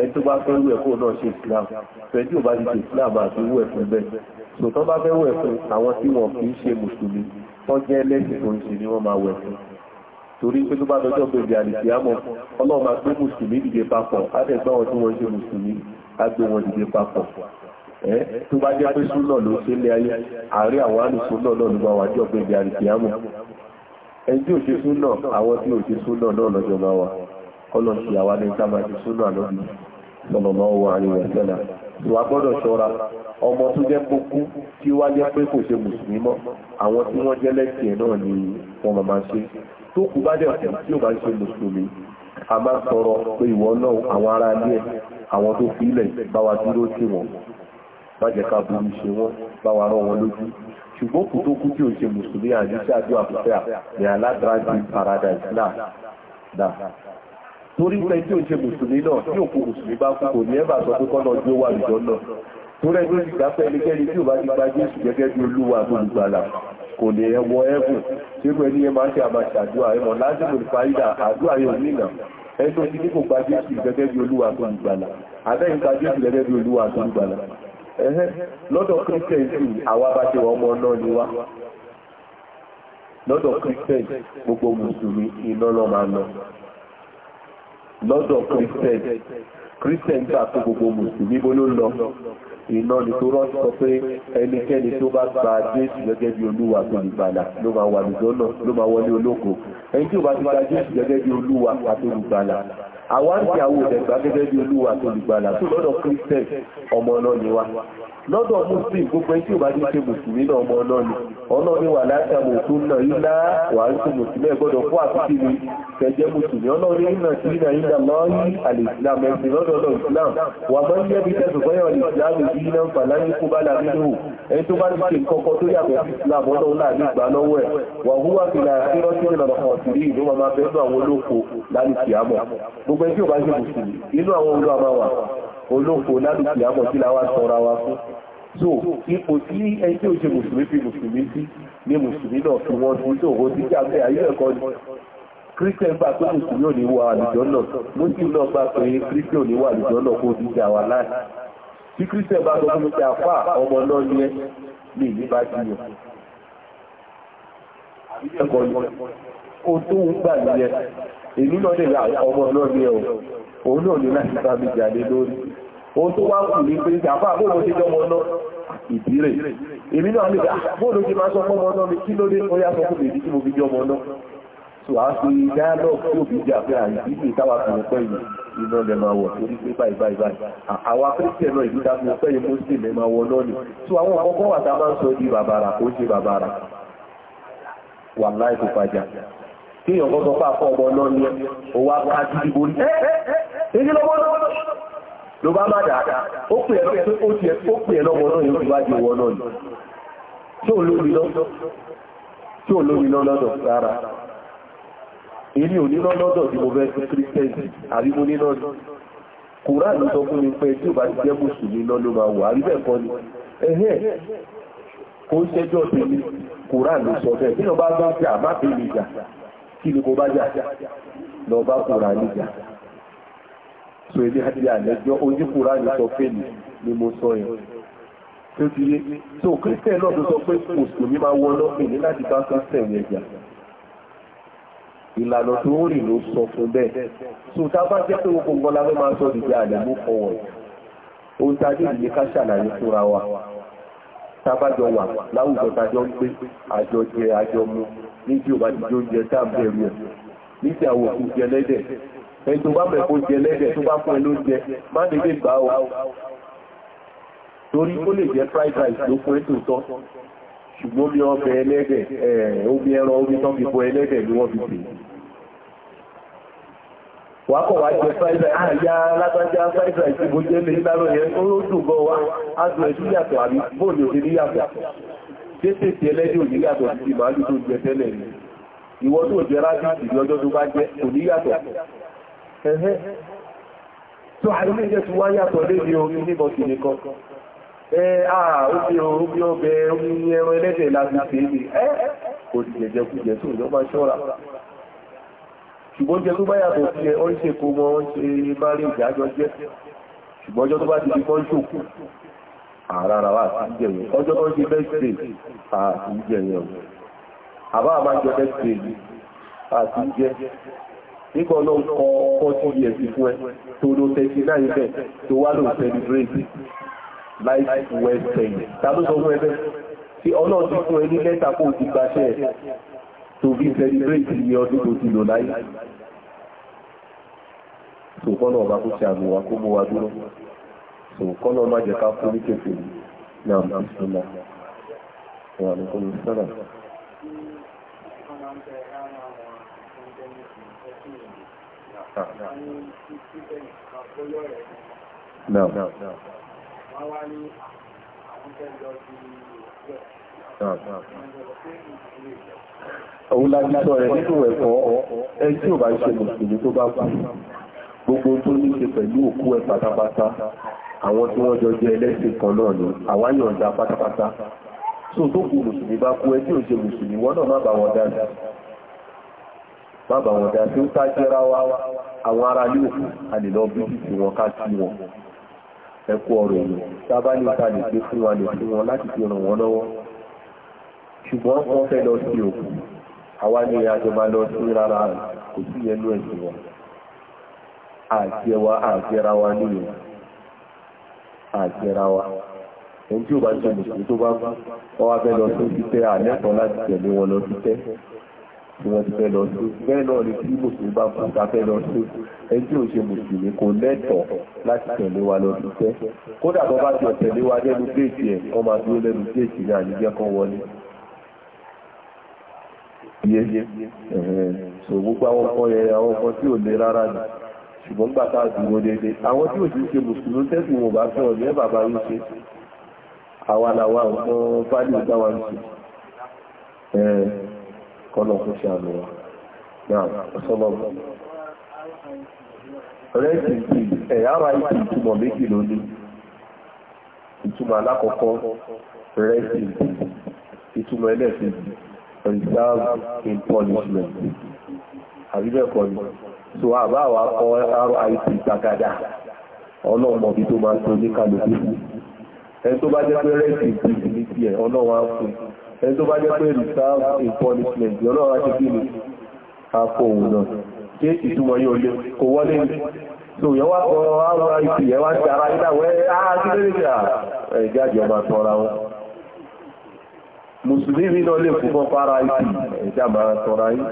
ẹ tó bá fẹ́ wẹ̀ fún náà ṣe Islam fẹ́ tí ò bá ti ṣe Islam àti wẹ̀ fún bẹ́ẹ̀ sòtọ́ bá fẹ́ wẹ̀ fún àwọn tí wọ́n fi ń ṣe mùsùlùmí wọ́n jẹ́ ẹlẹ́sìn tó ń ṣe ni wọ́n máa wẹ̀ torí pé tó bá lọ́jọ́ bèbè àlìsíámọ̀ ọlọ́run máa gbé mùsùlùmí dìde papọ̀ ádẹ́gbọ́n wọn tí wọ́n ṣe mùsùlùmí á gbé wọn dìde papọ̀ ẹ́ tó bá jẹ́ pé súnà ló ṣe lé ayé àárín àwọn àlùsúnà náà ló bá wà jọ bèbè àlìsíámọ̀ ẹni tí ò ṣe súnà àwọn tí ò ṣe súnà náà lọ́jọ́ máa wà kọ́lọ̀ ṣe àwa ní ká máa ṣe súnà lọ́bí sallallahu alaihi wa sallam tí wàá gbọ́dọ̀ ṣọ́ra ọmọ tó jẹ́ kókú tí wá jẹ́ pé kò ṣe mùsùlùmí mọ́ àwọn tí wọ́n jẹ́ lẹ́sìn náà ni wọ́n máa ṣe tó kù bá dẹ̀wà tẹ̀ tí ó bá ṣe mùsùlùmí a máa sọ̀rọ̀ pé ìwọ náà àwọn ará ilé ẹ̀ àwọn tó fi ilẹ̀ bá wa dúró tì wọ́n má jẹ́ ká burú ṣe wọ́n bá wa rán wọn lójú ṣùgbọ́n kù tó kú tí ò ṣe mùsùlùmí àdíṣẹ́ àjọ àfẹ́fẹ́ ní aládàájú paradise náà dà torí pé tí ò ṣe mùsùlùmí náà tí òkú mùsùlùmí bá kú kò ní ẹ̀ sọ pé kọ́nà ọjọ́ wà lùjọ́ náà torí ẹgbẹ́ ìgbàfẹ́ ẹnikẹ́ni tí ò bá ti gba Jésù gẹ́gẹ́ bí Olúwa tó lùgbàlà kò lè ẹwọ ẹ̀bùn tí ó pẹ̀lú ẹ máa ń tẹ́ àmà ṣàdúrà ẹmọ̀ lásìkò ìfàídà àdúrà yóò nínà ẹ̀tọ́ sí ní kò gba jésù gẹ́gẹ́ bí olúwa tó ń gbàlà abẹ́yìn gba jésù gẹ́gẹ́ bí olúwa tó ń gbàlà ẹ̀hẹ́ lọ́dọ̀ kírísítẹ̀ǹsì àwa bá ṣe ọmọ náà ni wá lọ́dọ̀ kírísítẹ̀ǹsì gbogbo mùsùlùmí iná lọ máa lọ lọ́dọ̀ kírísítẹ̀ǹsì kírísítẹ̀ǹsì àti gbogbo mùsùlùmí iná ni tó rọ́ sọ pé ẹnikẹ́ni tó bá gba jésù gẹ́gẹ́ bí olúwa tó olùgbàlà ló máa wà lùjọ́ náà ló máa wọlé ológo ẹni tí ó bá ti gba jésù gẹ́gẹ́ bí olúwa àti àwárí àwọn ìdẹ̀gbà gẹ́gẹ́ bí olúwa tó lùgbàlà tó lọ́dọ̀ christian ọmọ náà ni wa lọ́dọ̀ muslim gbogbo ẹni tí ò bá ti ṣe mùsùlùmí náà ọmọ náà ni ọ̀nà ni wà látàmù tó ń náà ilá wà ń tó mùsùlùmí ẹgbọ́dọ̀ fún àtúntì ni kẹjẹ mùsùlùmí ọ̀nà ni ìrìnà sí ìrìnà ìrìnà lọ́rí alìsílámù ẹ̀sìn lọ́dọ̀ lọ islam wà mọ́ ní ẹbí tẹ̀sùn bọ́yọ̀ alìsílámù yìí iná ń fà láyé kó bá làbí lóhù ẹni tó bá ti ṣe kọ́kọ́ tó yàtọ̀ sí islam ọ̀nà ńlá ní ìgbà lọ́wọ́ ẹ̀ wà húwà fìlà àti rọ́tí ìrìnà ọ̀sìn yìí ló máa fẹ́ lọ àwọn olóko lálùkì àmọ́ gbogbo ẹni tí ò bá ṣe mùsùlùmí nínú àwọn olú àbáwà olófo lálùkì àmọ̀ tí la wá sọra wa fún so ipò tí ẹni tí ò ṣe mùsùlùmí fi mùsùlùmí sí ní mùsùlùmí náà fi wọ́n tún tó òun ti kí abẹ́ ayé ẹ̀kọ́ ni christian gbà pé mùsùlùmí ò ní wọ àlùjọ náà muslim náà gbà pé christian ò ní wọ àlùjọ náà kó ti jà wà láì tí christian bá gbọ́ pé àfà ọmọ náà ní ẹ ní ìlú bá jiyàn ẹ̀kọ́ ìlú náà lè ra ọmọ lọ́rí ẹ̀ òun náà lè láti bá mi jàlé lórí ohun tó wá kù ní pé ìjàmbá bóòrò ṣe jọmọ náà ìdíre èmi náà lè bóòrò ṣe máa sọ fún ọmọ náà mi kí ló dé ó yá sọ fún mi tí mo fi jọmọ náà so a ṣe dialogue tí òbí jà pé àìsí ìgbè táwa fi mú pẹ́ yìí iná lẹ máa wọ̀ torí pé báyìí báyìí báyìí àwa christian náà ìlú dábí ọpẹ́ yìí muslim lẹ máa wọ náà ni so àwọn ọkọ̀ wà tá a máa ń sọ di bàbàrà kó ṣe bàbàrà wà láì kó fàjà tí ọkọ̀ sọ pàpọ̀ ọmọ náà ni ó wá ká gidi borí èyí lọ́wọ́ náà ló bá má dáadáa ó pè ẹ́ pé ó ti ẹ́ ó pè ẹ́ lọ́wọ́ náà ni ó ti wá di ìwọ náà ni tí ò lórí lọ tí ò lórí lọ lọ́dọ̀ rárá èmi ò ní lọ́dọ̀ tí mo fẹ́ sí kírísítẹ́ǹtì àbí mo ní lọ́dọ̀ kùránì sọ fún mi pé tí ò bá ti jẹ́ mùsùlùmí lọ kò ń ṣẹjọ́ tèmi kùránì sọ bẹ́ẹ̀ tí wọ́n bá bá fi àbá fi mi jà kí ni kò bá jà lọ bá kùrà níjà so ilé àdílé àlẹ́jọ́ ojú kùrà ní sọ pé ni mo sọ ẹ̀ tó ti yé so kírísítẹ̀ náà tó sọ pé mùsùlùmí máa wọ lọ́pìn ní láti bá kírísítẹ̀ yẹn jà ìlànà tó ń rìn ló sọ fún bẹ́ẹ̀ so tá bá jẹ́ pé gbogbo ńlá ló máa sọ dìde àlẹ́ mú fọwọ́ ohun tá a dé ìdílé ká ṣàlàyé fúnra wa tábàjọ wà láwùjọ tàjọ ń pé àjọ jẹ àjọ mu ní tí ò bá ti jó jẹ tá bẹ̀rù ẹ̀ ní tí àwọn òkú jẹ lẹ́dẹ̀ ẹni tó bá bẹ̀ kó jẹ lẹ́dẹ̀ tó bá fún ẹ ló jẹ má lè lè gbà ó torí ó lè jẹ fried rice ló fún ẹ tó tọ́ ṣùgbọ́n omi wà kọ̀ wá jẹ fáìlẹ̀ ah, àyà alágbájá fáìlẹ̀ ìṣìbò jẹ́ lè dáró yẹn ó ló dùn bọ́ wá ádùn ẹ̀sí yàtọ̀ àmì bóòlù òdí ní yàtọ̀ tẹ́tẹ́ ti ẹlẹ́dẹ̀ òní yàtọ̀ sí màálù tó jẹ tẹ́lẹ̀ ni ìwọ tó jẹ rábìtì ní ọjọ́ tó bá jẹ òní yàtọ̀ ẹ̀hẹ́ tó àìlú jẹ́ ti wá yàtọ̀ lébi omi níbọ̀ sí nìkan ẹ àà omi omi ọbẹ̀ omi ẹran ẹlẹ́dẹ̀ láti ṣe é ní ẹ́ kò sì jẹjẹ kú jẹ tó ṣùgbọ́n jẹ́ tó bá yàtọ̀ sí ẹ ọ́n ṣe kó mọ́ ọ́n ṣe bá rí ìdájọ́ jẹ́ ṣùgbọ́n ọjọ́ tó bá ti di kọ́ ṣòkù àràrà wà sí jẹ̀yẹ̀ ọjọ́ tó ń ṣe bẹ́ẹ̀ṣẹ̀ àti jẹ̀yẹ̀ àbá àbá jẹ bẹ́ẹ̀ṣẹ̀ àti jẹ́ nígbà ọlọ́run kọ fọ́tún yẹ̀ sí fún ẹ tó ló tẹ́sí náà ibẹ̀ tó wá lò celebrate life well spent ta ló sọ fún ẹbẹ́ tí ọlọ́run ti fún ẹ ní lẹ́tà kó ti gbaṣẹ́ tó bí celebrate ní ọdún tó ti lò láyé so kọ́nà ọba kó ṣe àmì wa kó mú wa dúró so kọ́nà má jẹ́ ká fún ní kèfè ní àmì ìṣúná wà ní kọ́nà sára Now, now, now òun lájútọ́ rẹ̀ nínú ẹ̀kọ́ ẹni tí ò bá ṣe mùsùlùmí tó bá kú gbogbo tó ní ṣe pẹ̀lú òkú ẹ̀ pátápátá àwọn tí wọ́n jọ jẹ ẹlẹ́sìn kan náà ni àwa yọ̀ǹda pátápátá tó tó kú mùsùlùmí bá kú ẹ tí ò ṣe mùsùlùmí wọ́n náà má bá wọn dá sí má bá wọn dá sí ó sájẹ́ra wa àwọn ará ní òkú a lè lọ bí sí wọn ká sí wọn ẹkú ọ̀rọ̀ ìlú sábà ní ìta lè gbé fún wa lè fún wọn láti fi ràn wọ́n lọ́wọ́ ṣùgbọ́n wọ́n fẹ́ lọ sí òkú àwa ní àjọba lọ sí rárá kò sí ẹnu ẹ̀sìn wọn àti ẹwà àti ẹra wa nílò àti ẹra wa ẹni tí ó bá jẹ mùsùlùmí tó bá wọ́n wá fẹ́ lọ sí títẹ́ àlẹ́kọ̀ọ́ láti tẹ̀lé wọn lọ títẹ́ tí wọ́n ti fẹ́ lọ sí bẹ́ẹ̀ náà ni tí mùsùlùmí bá kú ta fẹ́ lọ sí ẹni tí ò ṣe mùsùlùmí kò lẹ́tọ̀ọ́ láti tẹ̀lé wa lọ títẹ́ kódà bọ́ bá ti ọ̀tẹ̀lé wa lẹ́nu déètì ẹ̀ wọ́n máa dúró lẹ́nu déètì ní àníjẹ́ wọlé yé so gbogbo àwọn ọkọ̀ yẹ àwọn ọkọ̀ tí ò lè rárá ṣùgbọ́n àwọn tí ò sí ṣe mùsùlùmí tẹ́sì wọn bá fẹ́ ọ̀lẹ́ bàbá ń ṣe àwa làwa ọ̀pọ̀ fáìlì ìgbà wa ń ṣe kọ́nà ṣe àmì wa náà ọ̀sọ́lọ́ ìtumọ̀ ìtumọ̀ and serve in punishment. Àbíbẹ̀kọ́ ni, so àbá wa kọ́ RIP tagada, ọlọ́mọ bí tó máa tó ní kàlùkù. Ẹ tó bá jẹ́ pé rẹ́sì ti ní á fún. tó bá jẹ́ pé reserve in punishment, ọlọ́wọ́ á ti kí ni a òun náà. ìtumọ̀ yóò lé kò wọlé ní? So yẹn wá kọ́ wá ti ara mùsùlùmí náà lè fún fọ́fára ìsì ìjàmà tọ́ra yìí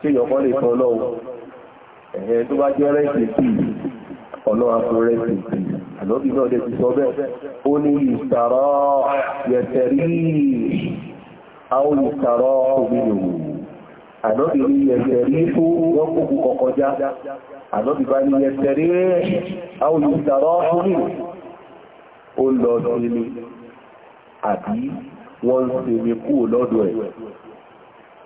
tí yọ̀kọ́ lè tọ́ lọ́wọ́ ẹ̀hẹ́ tó bá jẹ́ rẹ́sì sí ọlọ́wà fún rẹ́sì sí àlọ́bí náà lè ti sọ bẹ́ẹ̀ ó ní ìsàrọ́ yẹ̀tẹ̀rí fún wọ́n kókù kọkọjá àlọ́bí bá ní yẹ̀tẹ̀rí àwọn ìsàrọ́ obìnrin ó lọ sí ni àbí wọ́n ń se mi kú lọ́dọ̀ ẹ̀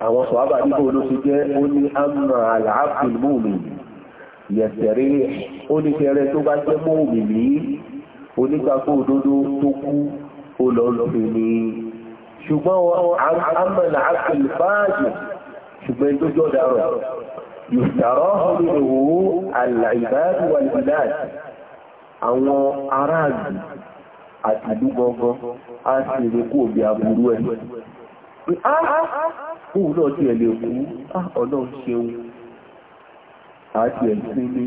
àwọn sọ̀hábà nígbò ló ṣe jẹ́ ó ní àmà àlàáfíì múmi yẹ̀sẹ̀rí oníṣẹ́rẹ tó bá jẹ́ múmi ní onígbàgbọ́ òdodo tó kú ó lọ àti gbọ́ngbọ́n á sì rí kó bí aburú ẹ̀ pé áhùn náà ti ẹ̀lẹ̀ kú ọ̀nà ṣeun àti ẹ̀sìnlé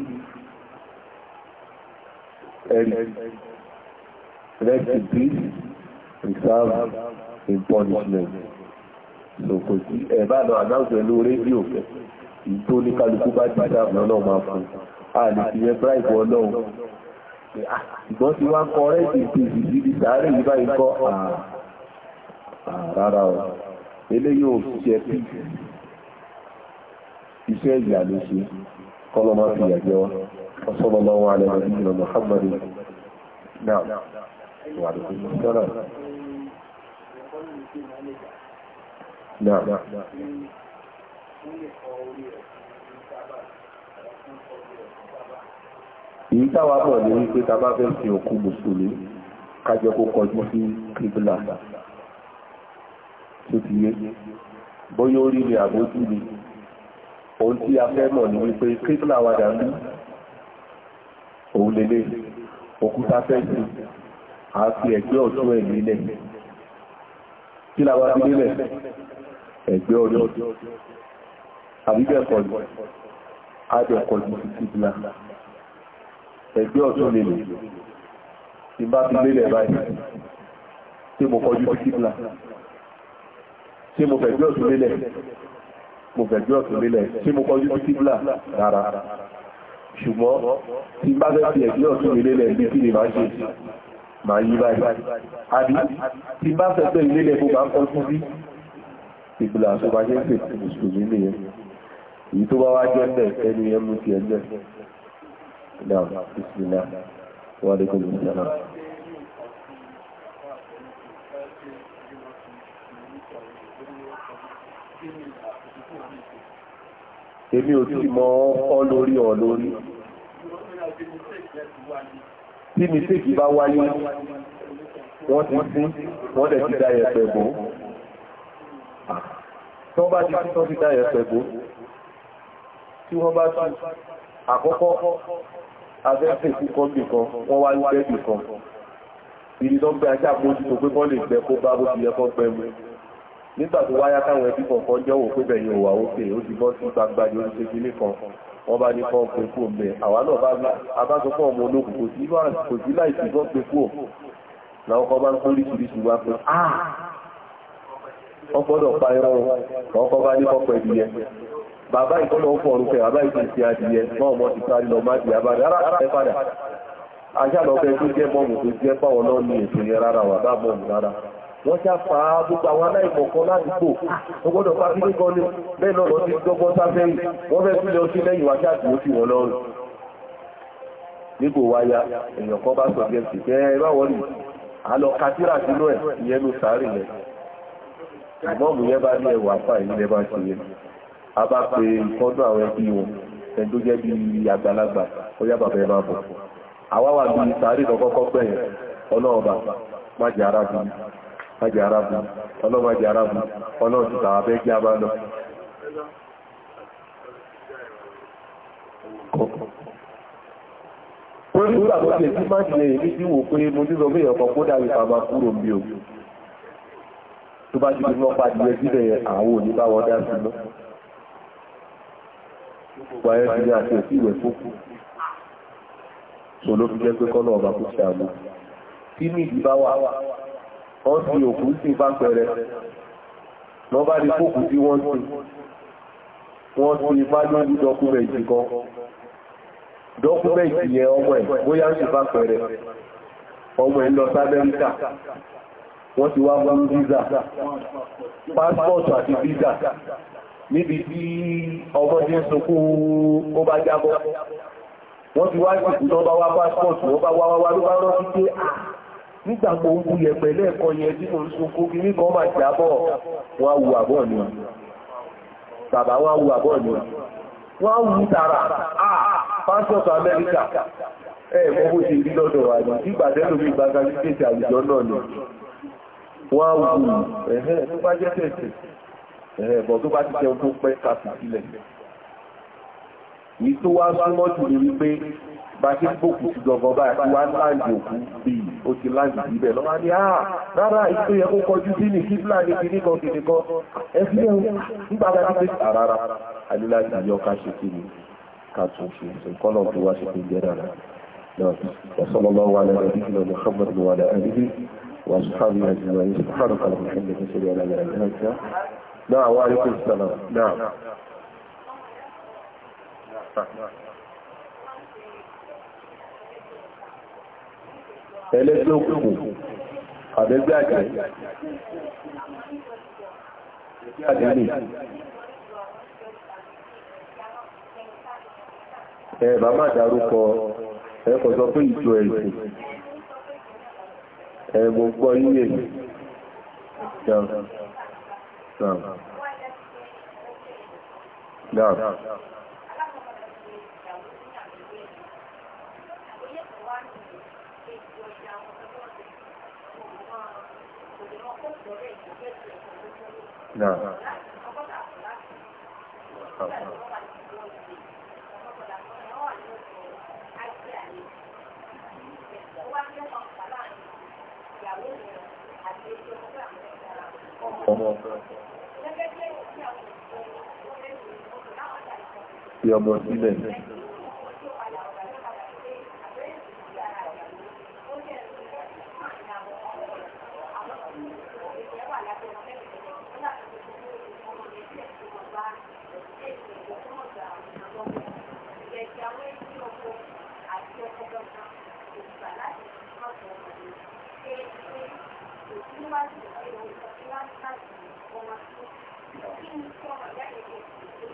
ẹ̀rì rest in peace reserve in punishment so kò sí ẹ̀bá lọ àdáwùsẹ̀ ló rédíò ìtó ní kálukú bá dìdá àmì ọlọ́run máa fún a lè fi yẹ bribe ọlọ́run ìgbọ́n ti wá kọ rẹ̀ sí ìpèsè ìdí sàárè yìí báyìí kọ́ rárá o eléyìí ò ṣe pí iṣẹ́ ìyà ló ṣe kọ́lọ́ máa fi yàjẹ́ wa ọ̀sọ́lọ́ máa wà lẹ́nu ní ìlànà Muhammadu náà wà lókè sọ́nà náà èyí táwà bọ̀ ní wípé ta bá fẹ́ fi òkú mùsùlùmí kájọ kó kọjú sí kíbùlà tó ti yé bóyá orí ni àbójú ni ohun tí a fẹ́ mọ̀ ní wípé kíbùlà wà dàbí òun lélẹ̀ òkúta fẹ́ sí àti ẹ̀gbẹ́ ọ̀tún ẹ̀ nílẹ̀ kí la wá sí nílẹ̀ ẹ̀gbẹ́ ọ̀dọ́ àbíbẹ̀kọ̀ ni a kọjú sí kíbùlà ẹgbẹ́ ọ̀tún lè lè tí bá ti gbélẹ̀ báyìí tí mo kọjú sí kíkla tí mo fẹ̀gbẹ́ ọ̀tún lélẹ̀ mo fẹ̀gbẹ́ ọ̀tún lélẹ̀ tí mo kọjú sí kíkla dára ṣùgbọ́n tí bá fẹ́ fi ẹ̀gbẹ́ ọ̀tún lélẹ̀ bí kí ni máa ṣe máa yí báyìí àbí tí bá fẹ́ fẹ́ lélẹ̀ mo máa ń kọ́ sí ìgbìlà tó bá jẹ́ pé mùsùlùmí nìyẹn èyí tó bá wá jẹ́ ẹ̀ẹ́nu ẹ̀mú ti ẹ̀mú نعم بسم الله وعليكم السلام èmi ò tí mọ ọ́ lórí ọ̀ lórí tí mi tèkì bá wáyé wọ́n ti sí wọ́n dẹ̀ ti dá ah, ẹ̀fẹ̀ bò tí wọ́n bá ti sí tán ti dá ẹ̀fẹ̀ bò tí wọ́n bá tún àkọ́kọ́ abẹ́fẹ́ sí kọ́bì kan wọ́n wá ìgbẹ́bì kan ìdí tó gbé ajá mójútó pé kọ́ lè gbẹ kó bá bó ti yẹ kọ́ gbẹmú nígbà tó wáyá táwọn ẹbí kọ̀ọ̀kan jẹ́wò pé bẹ̀yìn òwà òkè ó ti bọ́ sí gbagbàdì oúnjẹ ilé kan wọ́n bá ní kọ́ pé kú òmẹ àwa náà bá sọ fún ọmọ ológun kò sí láì kò sí láì sí kọ́ pé kú ò láwọn kan bá ń kó oríṣiríṣi wá pé ah wọ́n gbọ́dọ̀ pa irọ́ wọn kọ́ bá ní kọ́ pẹ̀lú yẹn bàbá ìtọ́lọ̀ ń fọ̀rún fẹ́ bàbá ìtọ́ ìsẹ́ adìyẹ náà mọ́ ti sáré lọ máa dìyà bá ẹ padà aṣálọ́fẹ́ tó jẹ́ mọ́mù tó jẹ́ pàwọn náà ní ètò rárá wà bá mọ́mù rárá wọ́n ṣá gbogbo àwọn gbọ́dọ̀ bí ní bẹ́ẹ̀ náà lọ sí wọ́n fẹ́ sílẹ̀ lẹ́yìn wá lọ́rùn nígbò èèyàn kan bá sọ bí a bá pe nkọ́dọ̀ àwọn ẹbí wọn ẹni tó jẹ́ bí àgbàlagbà ó yá bàbá ẹ máa bọ̀ àwa wà bí sàárì lọ́kọ́kọ́ pẹ̀yẹ ọlọ́ọ̀bà má jẹ́ ara bù má jẹ́ ara bù ọlọ́ọ̀bà jẹ́ ara bù ọlọ́ọ̀tì tàwa fẹ́ kí a bá lọ Orí ìgbàgbọ́ lè tí máa jìnà èmi tí wò pé mo nílò mí ọ̀kan kó dárí pa máa kúrò mi o. Tó bá jù ní wọ́n pa jù ẹgbẹ́ àwọn òní bá wọ́n dá sí lọ. pààyẹ́ ti àti òsì ìwẹ̀ fún so fi jẹ́ pé kọ́lọ̀ ọba àmú tí ní ìdíbá wà ọ́ sí òkú sí bá pẹ̀rẹ̀ lọ bá rí fókù tí wọ́n sí wọ́n sí ipá lórí dọ́kúmẹ̀ntì kan dọ́kúmẹ̀ntì yẹn ọmọ ẹ̀ bóyá ń bá pẹ̀rẹ̀ ọmọ ẹ̀ lọ sábẹ́ríkà wọ́n ti níbi tí ọmọdé sókú ó bá jábọ́ wọ́n ti wá ìpù tó bá wá pásítọ̀tù wọ́n bá wáwá ló bá rọ́ sí pé à ah, nígbàgbọ́ ń gúyẹ pẹ̀lẹ́ ẹ̀kọ́ yẹn tí mo ń sókú kí ní kan máa jábọ̀ wọ́n wu àbọ̀ ni bàbá wọ́n wu àbọ̀ ni wọ́n wu tààrà ah, pásítọ̀tù Amẹ́ríkà ẹ̀ mọ́ bó ṣe rí lọ́dọ̀ wà ní ìgbàdẹ́lò mi gbàgbà ní kéèkì àwùjọ náà ni wọ́n wu ẹ̀hẹ́ tó bá jẹ́ tẹ̀sẹ̀ ẹ̀bọ̀ tó bá ti jẹun tó pẹ́ kàfì sílẹ̀. Ní tó wá súnmọ́ jù ní wípé bá ṣe gbókù sí gbogbo bá ti wá láàájì òkú bí ó ti láàájì síbẹ̀ lọ́wọ́ ní àà ah, rárá ìtò yẹ kó kọjú sí ní kíblà ní kìíní kan kìíní kan ẹ̀fí ẹ̀hùn nígbà bá ti pé àrárá ah, aléláàjì yọ ká ṣe kí ni ká tún ṣe ìkọ́nà tó wá ṣe kí jẹ́ dára náà ọ̀sán lọ́wọ́ alẹ́ rẹ̀ bí kí lọ́dún ṣọ́gbọ́n lọ́wọ́ alẹ́ rẹ̀ وأصحابي أجمعين سبحانك اللهم وبحمدك أشهد أن لا إله إلا أنت náà wà ní kò sọ̀nà náà. ẹlẹ́gbẹ́ òkùnkùn àbẹ́gbẹ́ àjẹ́ ẹ bá máa dárúkọ ẹ̀kọ́ sọ pé ìjọ ẹ̀sìn ẹ̀gbọ̀gbọ́ yíyẹ̀ نعم نعم نعم Thank you. fi ọmọ sílẹ̀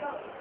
Thank you.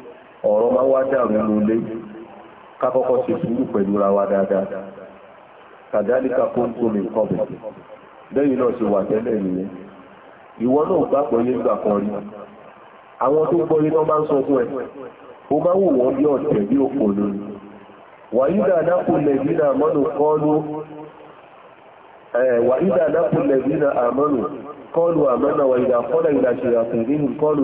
ọ̀rọ̀ máa wá dàrú lólé kákọ́kọ́ ṣe sùúrù pẹ̀lú ra wa dáadáa kàdálíkà kó ń tómi nǹkan bẹ̀rẹ̀ lẹ́yìn náà ṣe wà tẹ́lẹ̀ nìyẹn ìwọ náà gbàgbọ́ yé gbà kan rí àwọn tó gbọ́ yé náà máa ń sọ fún ẹ ó máa wò wọ́n bí ọ̀tẹ̀ bí òkò lórí wàyídà nákùnlẹ̀ dínà àmọ́nù kọ́lù wàyídà nákùnlẹ̀ dínà àmọ́nù kọ́lù àmọ́nà wàyídà kọ́lù ìlàṣẹ̀ àkùnrin kọ́lù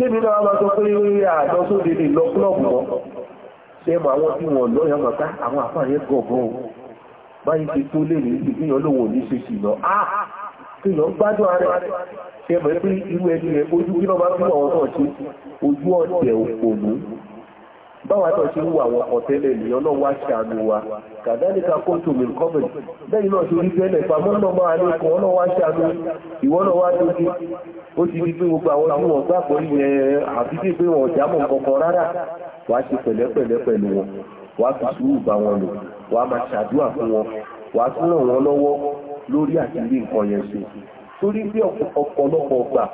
Tébí náà lọ sọ pé àjọ tó lè lè lọ klọ́ọ̀bù lọ. Ṣé mọ̀ àwọn tí wọ́n lọ́yọ̀ mọ̀ká àwọn àfáàyẹ gọ̀ọ̀gọ̀ báyìí ti tó lè ní ìdí olówó ní ṣe sì lọ. Á ah! kí lọ gbádùn ara rẹ̀. Ṣé mọ̀ báwa náà ṣe ń wà àwọn ọkọ̀ tẹ́lẹ̀ ní ọlọ́wọ́ aṣàánú wa kàdáníkà kóòtù mi kọ́bẹ̀ lẹ́yìn náà ṣe orí tẹ́lẹ̀ pamọ́ náà máa ní ọkọ̀ ọlọ́wọ́ aṣàánú ìwọ náà wá lójú ó ti di pé gbogbo àwọn tí wọ́n gbàgbọ́ yẹn àbí bí pé wọ́n jámọ̀ kankan rárá wàá ṣe pẹ̀lẹ́pẹ̀lẹ́ pẹ̀lú wọn wàá fi sùúrù bá wọn lò wàá máa ṣàdúrà fún wọn wàá tún ràn wọn lọ́wọ́ lórí àtìlé nǹkan yẹn ṣe torí bí ọ̀pọ̀lọpọ̀ gbà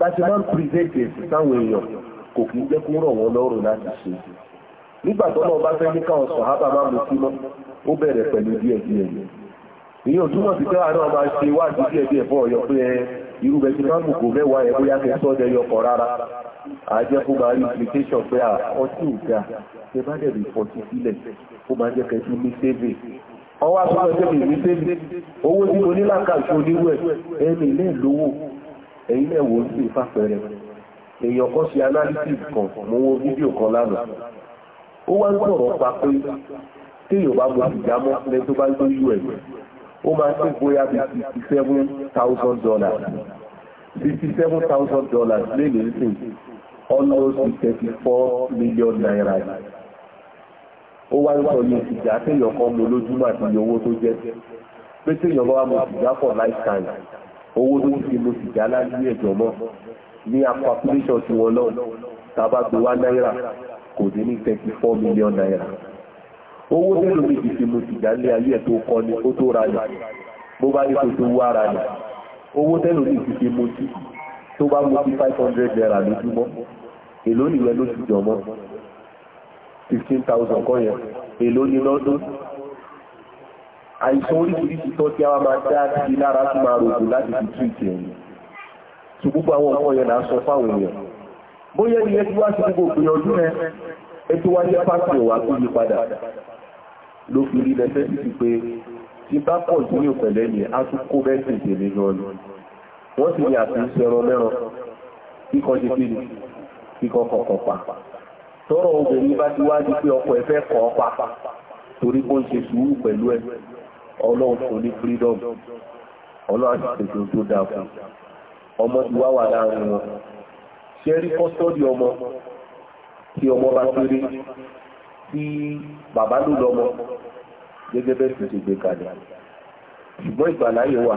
bá ṣe máa ń pírẹ́sì sáwọn èèyàn kò kí ń jẹ́ kó rọ̀ wọ́n lọ́rùn láti ṣe nígbà bá fẹ́ ní káwọn sọ̀hábà máa mú sí ó bẹ̀rẹ̀ pẹ̀lú díẹ̀ díẹ̀ ni ìyẹn òtúmọ̀ sí díẹ̀ díẹ̀ ọ̀yọ́ pé ti máa mùkò mẹ́wàá ẹ̀ rárá jẹ́ ní sẹ́vẹ̀ ọwá tó ní owó tí èèyàn kan ṣe analysis kan mo wo fídíò kan lánàá ó wá ń sọ̀rọ̀ pa pé téèyàn bá mo ìjà mọ́ lẹ́yìn tó bá ń gbé us ó máa ń pè bóyá bíi sixty seven thousand dollars sixty seven thousand dollars lélẹ̀ sìn almost thirty four million naira ó wá ń sọ ní ìjà téèyàn kan mo lójúmọ́ àti iye owó tó jẹ́ pé téèyàn bá mo ìjà for lifetime owó tó ti mo ìjà láyé ẹ̀jọ̀ mọ́ ní apapulation tí wọ́n náà tàbá gbé wá náírà kò dé ní 34 million naira owó tẹ́lò méjì tí mo ti dá lé ayé tó kọ́ ni ó tó ra nì bó bá ní kò tó wá ra nì owó tẹ́lò méjì tí mo ti tó bá mo ti 500 naira lójúmọ́ èló nìyẹn ló ti jọmọ́ 15,000 kọ́ yẹn èló ni lọ́dún àìsàn oríṣiríṣi tó tí a máa dá sí lára tí máa rògbò láti fi tú ìtì ẹ̀yìn tí gbogbo àwọn ọmọ yẹn náà sọ fáwọn èèyàn bóyá ní ẹjú wá sí gbogbo ìgbìyànjú rẹ ẹjú wá ní pàtàkì wà tó yí padà ló fi rí lẹ́sẹ̀ sí pé tí bá pọ̀ jù ní òpẹ̀lẹ́ ni a tún kó bẹ́ẹ̀sì ìdèmí gan ni wọ́n sì ní àti ìṣẹ́rọ mẹ́ràn kíkọ́ ṣe kí ni kíkọ́ kọ̀ọ̀kan pa tọrọ obìnrin bá ti wá di pé ọkọ ẹ fẹ́ kọ̀ ọ́ pa torí kó ń ṣe sùúrù pẹ̀lú ọmọ ti wá wà láàrin wọn ṣe rí kọ́sọ́dì ọmọ tí ọmọ bá kéré tí bàbá ló lọ́mọ gẹ́gẹ́ bẹ́ẹ̀ sì ṣe gbé kalẹ̀ ṣùgbọ́n ìgbàláyé wà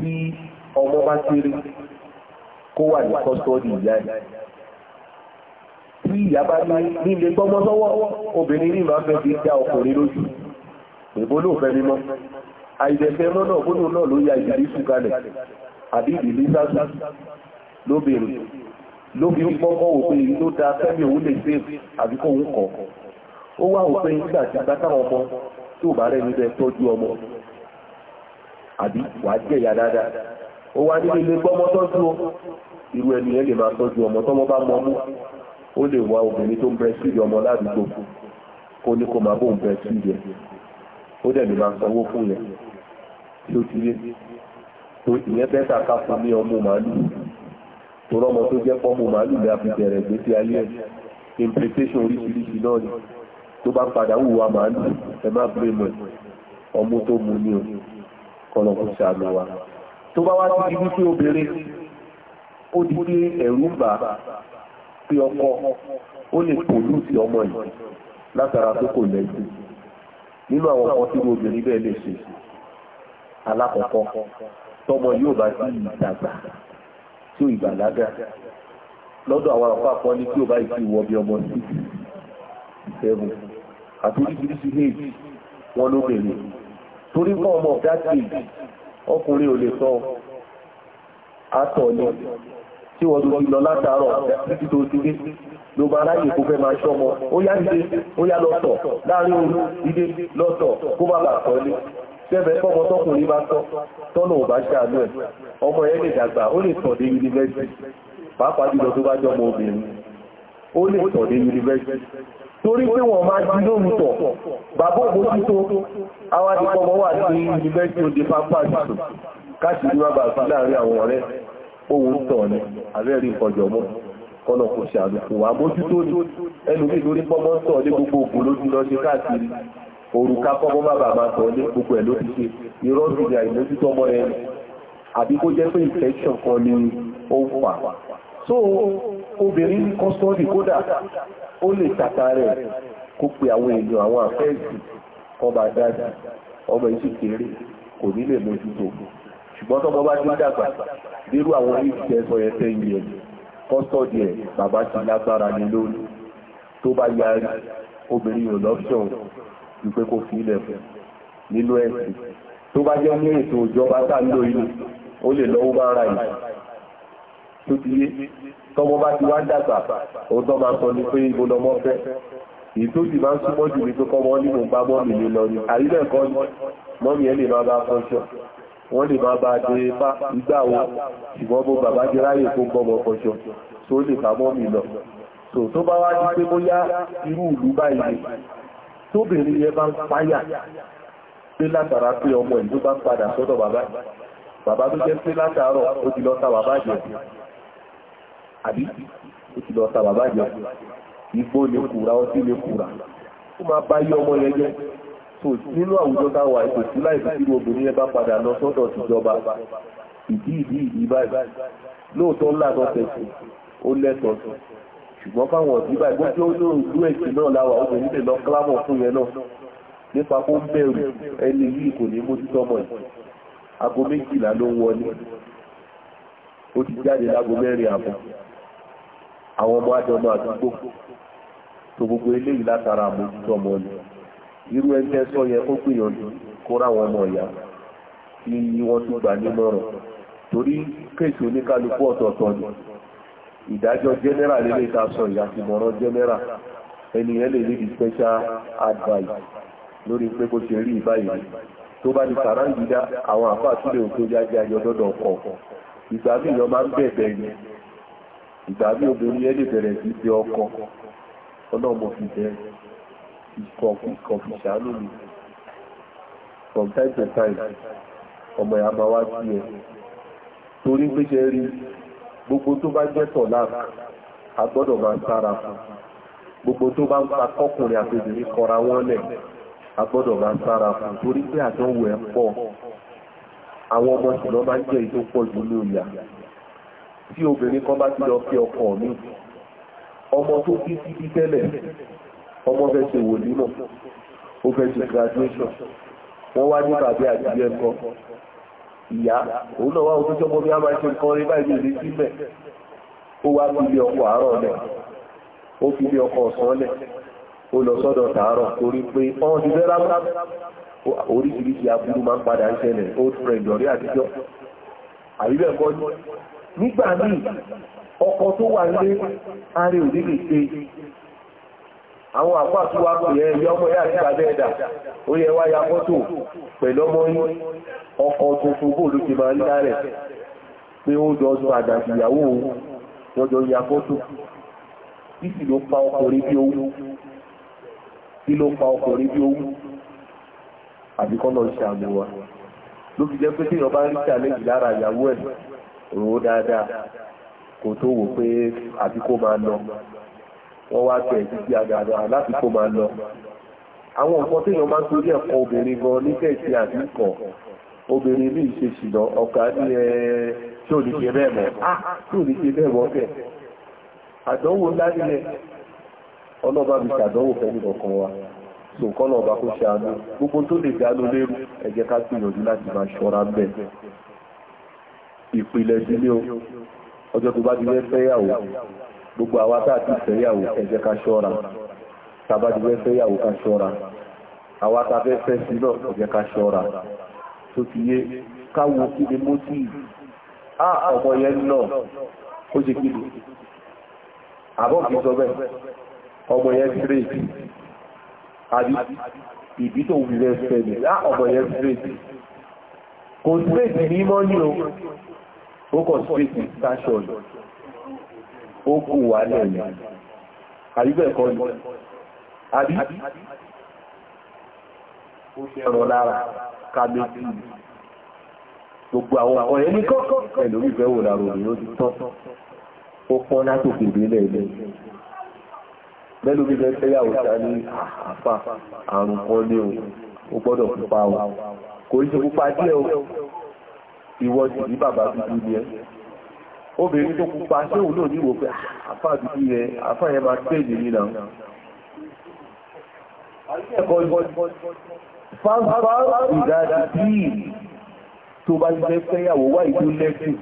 tí ọmọ bá kéré kó wà ní kọ́sọ́dì ìyá ẹ̀ tí ìyá bá ní nílé gbọ́mọ sọ́wọ́ obìnrin ní ìmọ̀ fẹ́ fi já ọkùnrin lójú ìbólóòfẹ́ mímọ́ àìdẹ̀fẹ́ mọ́ náà gbónú náà ló ya ìdílé sùkalẹ̀ àbí ìlú sáàsá ló bèèrè ló fi ń pọ́kọ́ òpin ló da fẹ́mi òun lè ṣe àbí kó òun kọ̀ ó wá òpin nígbà tí bá táwọn ọmọ tí ò bá rẹ̀ níbẹ̀ tọ́jú ọmọ àbí wàá jẹ̀yà dáadáa ó wá nílé ilé gbọ́mọ tọ́jú o irú ẹni yẹn lè máa tọ́jú ọmọ tọ́mọ bá mọ mú ó lè wá obìnrin tó ń bẹ sí ọmọ ládùúgbò kó ní kó máa bóun bẹ sí yẹ ó dẹ̀ lè máa sanwó fún yẹn tí ó ti yé tó ìyẹn bẹ́tà ká fún ní ọmọ màálù tó rọ́mọ tó jẹ́ fọ́mọ màálù ní àfi bẹ̀rẹ̀ gbé sí ayé ẹ̀ implication oríṣiríṣi náà ni tó bá padà wùwà màálù ẹ má gbé mọ̀ ọmọ tó mú ní o kọlọ̀kùn ṣàmì wa tó bá wá ti di wípé obìnrin ó di pé ẹ̀rù bà pé ọkọ ó lè pòlú sí ọmọ yìí látara tó kò lẹ́sìn nínú àwọn ọkọ tí obìnrin bẹ́ẹ̀ lè ṣe alákọ̀ọ́kọ́ tọmọ yóò bá sí ìdàgbà tí ó ìgbàlágà lọ́dọ̀ àwọn àpapọ̀ ní tí ó bá ìfi wọ bí ọmọ sí ẹ̀rù àti oríṣiríṣi méjì wọn ló bèrè torí fún ọmọ dáàtì ọkùnrin ò lè sọ àtọ̀ ni tí wọ́n tó lọ látàárọ̀ títí tó ti dé ló bá kó fẹ́ máa ó yá ó yá lọ́tọ̀ láàrin bá bà Tẹ́bẹ̀ẹ́ fọ́mọ tọ́kùnrin bá tọ́, tọ́nà ò bá ṣàánú ẹ̀, ọmọ ẹ̀ lè dàgbà, ó lè tọ̀dé yunifásitì, pàápàá jùlọ tó bá jọmọ obìnrin, ó lè tọ̀dé Torí pé wọ́n máa jí tọ̀, bàbá wà ní pápá láàrin àwọn ọ̀rẹ́, tọ̀ ni, àrẹ́rí kọ́nà kò ṣàlùkù àmójútó ẹnu bí lórí ní gbogbo lójú lọ òrùka kọ́kọ́ má bàá máa tọ̀ ní gbogbo ẹ̀ ló irọ́ ìrìn àìmójútó ọmọ ẹ̀ àbí kó infection kan ni ó ń so obìnrin ní kọ́sọ́ọ̀dì kódà ó lè tàta rẹ̀ kó pe àwọn èèyàn àwọn àfẹ́ẹ̀sì ọba dáadáa ọmọ yìí sì kò ní lè mójútó ṣùgbọ́n tọ́mọ bá ti dàgbà lérú àwọn ìṣẹ́ sọ yẹn tẹ́yìn yẹn kọ́sọ́ọ̀dì ẹ̀ bàbá ti lágbára wípé kò fi ilẹ̀ fún nílò ẹ̀sìn tó bá jẹ́ ní ètò ìjọba tá ń lò inú ó lè lọ́wọ́ bá ara yìí tó ti yé tọmọ bá ti wá dàgbà ó tọ́ máa sọ ní pé ibo lọmọ fẹ́ èyí tó sì máa ń súnmọ́ jù ní pé kọ́mọ ní mo bá mọ́mì mi lọ ni àríbẹ̀ kọ́ ni mọ́mì ẹ̀ lè máa bá fọ́ṣọ́ wọ́n lè máa bá dé bá ìgbà wo ṣùgbọ́n bó bàbá jẹ́ ráyè fún gbọ́mọ fọ́ṣọ́ tó lè bá mọ́mì lọ tó bá wá di pé bóyá irú ìlú báyìí tóbìnrin yẹn bá ń páyà pé látara pé ọmọ ìlú bá ń padà sọ́dọ̀ bàbá bàbá tó jẹ́ pé látàárọ̀ ó ti lọ ta bàbá jẹ àbí ó ti lọ bàbá jẹ igbó ni kùrà ọtí ni kùrà ó máa bá yí ọmọ yẹn jẹ tó nínú àwùjọ tá wà ètò sí láì sí obìnrin yẹn bá padà lọ sọ́dọ̀ tìjọba ìdí ìdí ìdí báyìí lóòótọ́ ńlá lọ́tẹ̀sí ó lẹ́tọ̀ọ́ ṣùgbọ́n káwọn ọ̀dí ìgbó tí ó lóòrùn ìlú èkì náà láwà ó tẹ̀lé lọ fún yẹn náà nípa kó bẹ̀rù ẹni yìí kò ní mójútó ọmọ ẹ̀ méjìlá ló ń wọlé ó ti jáde láago mẹ́rin àbọ̀ àwọn ọmọ àjọmọ àdúgbò tó gbogbo eléyìí látara ọmọ ni irú ẹgbẹ́ sọ kó gbìyànjú kó ọmọ ìyá tí wọ́n tún gbà nímọ̀ràn torí kéèsì oníkálukú ọ̀tọ̀ọ̀tọ̀ ni ìdájọ́ general lè lè ta sọ ìyàtìmọ̀ràn general ẹniyàn lè ní special advice lórí pé kó ṣe rí ìbáyìí tó bá di sàráǹgídá àwọn àfáà tí lè ò tó jáde ayọ dọ́dọ̀ ọkọ̀ ìgbà bí ìyọ máa ń bẹ̀bẹ̀ ni ìgbà bí obìnrin yẹn lè bẹ̀rẹ̀ sí ti ọkọ̀ ọlọ́mọ fi bẹ ìkọ̀ fi ṣàánú mi from time to time ọmọ ìyá máa wá sí ẹ torí pé ṣe rí gbogbo tó bá jẹ́ tọ̀ lára a gbọ́dọ̀ máa sára fún gbogbo tó bá ń pa kọkùnrin àti obìnrin kọra wọn lẹ̀ a gbọ́dọ̀ máa sára fún torí pé àdánwò ẹ̀ pọ̀ àwọn ọmọ ṣùgbọ́n máa ń jẹ́ èyí tó pọ̀ jù ní òyà tí obìnrin kan bá ti lọ fi ọkọ mi ọmọ tó bí títí tẹ́lẹ̀ ọmọ fẹ́ ṣe wòlímọ̀ ó fẹ́ ṣe graduation wọ́n wá ní bàbá àti ẹ̀kọ́ ìyá òun náà wá ojú tọ́mọ bí a máa ṣe nǹkan rí báyìí lè síbẹ̀ ó wá bí ilé ọkọ̀ àárọ̀ lẹ̀ ó fi ilé ọkọ̀ ọ̀sán lẹ̀ ó lọ sọ́dọ̀ tààrọ̀ torí pé ọ́n ti fẹ́ rámúrá oríṣiríṣi aburú máa ń padà ń ṣẹlẹ̀ old friend ọ̀rẹ́ àtijọ́ àríbẹ̀ kọ́ nígbà míì ọkọ̀ tó wà lé ààrẹ lè ṣe àwọn àpáàtí wa pè ẹ yọ ọmọ yáà nípa dẹ́ẹ̀dà ó yẹ wá ya fọ́tò pẹ̀lú ọmọ yín ọkọ̀ tuntun bó ló ti máa ń dárẹ̀ pé ó jọ sọ àdàtì ìyàwó wọn jọ ya fọ́tò títì ló pa ọkùnrin bí owó kò tó wò pé àbíkó máa lọ wọ́n wá tẹ̀ títí láti kó máa lọ àwọn nǹkan tí wọ́n máa ń torí ẹ̀kọ́ obìnrin gan nígbẹ̀ẹ́sì àti ikọ̀ obìnrin ní ìṣe ṣìnà ọ̀gá ní ẹ tí ò ní ṣe bẹ́ẹ̀ mọ́ ah, tí ò ní ṣe bẹ́ẹ̀ mọ́ wa náà bá kó gbogbo tó lè lérú ká gbìyànjú láti máa ṣọ́ra bẹ́ẹ̀ ìpìlẹ̀ sílé o gbogbo àwa tá àti ìfẹ́yàwó ẹ jẹ́ ká ṣọ́ra tàbá ti fẹ́ fẹ́yàwó ká ṣọ́ra àwa tá fẹ́ fẹ́ sí náà ẹ jẹ́ ká ṣọ́ra tó ti yé káwo kí ni mo sì á ọmọ yẹn náà ó ṣe kí ni àbọ̀ kì í sọ bẹ́ẹ̀ ọmọ yẹn straight àbí ìbí tó wù lẹ́ ni á ọmọ yẹn straight kò straight ní mọ́ ní o ó kọ̀ straight ní ó kù wà lẹ́yìn ẹ̀kọ́ ni àbí ó ṣẹ̀rọ lára kàmẹ́sì gbogbo àwọn ọ̀rẹ́ ní kọ́kọ́ pẹ̀lú ìfẹ́ wò lára òní ó ti tọ́ ó pọ́n látòkè délẹ̀ ilẹ̀ mẹ́lú ta ní àpá àrùn kan ní o gbọ́dọ̀ pupa o kò ní ṣe pupa díẹ̀ o ìwọ ní bàbá dúdú ni obìnrin tó pupa ṣé òun náà níwò pé ah, àfá àdúgbò yẹ àfá yẹ máa tẹ́jì nínà ẹ̀kọ́ fáfá ìdájí bí tó bá jẹ́ fẹ́yàwó wá ìdú lẹ́sìn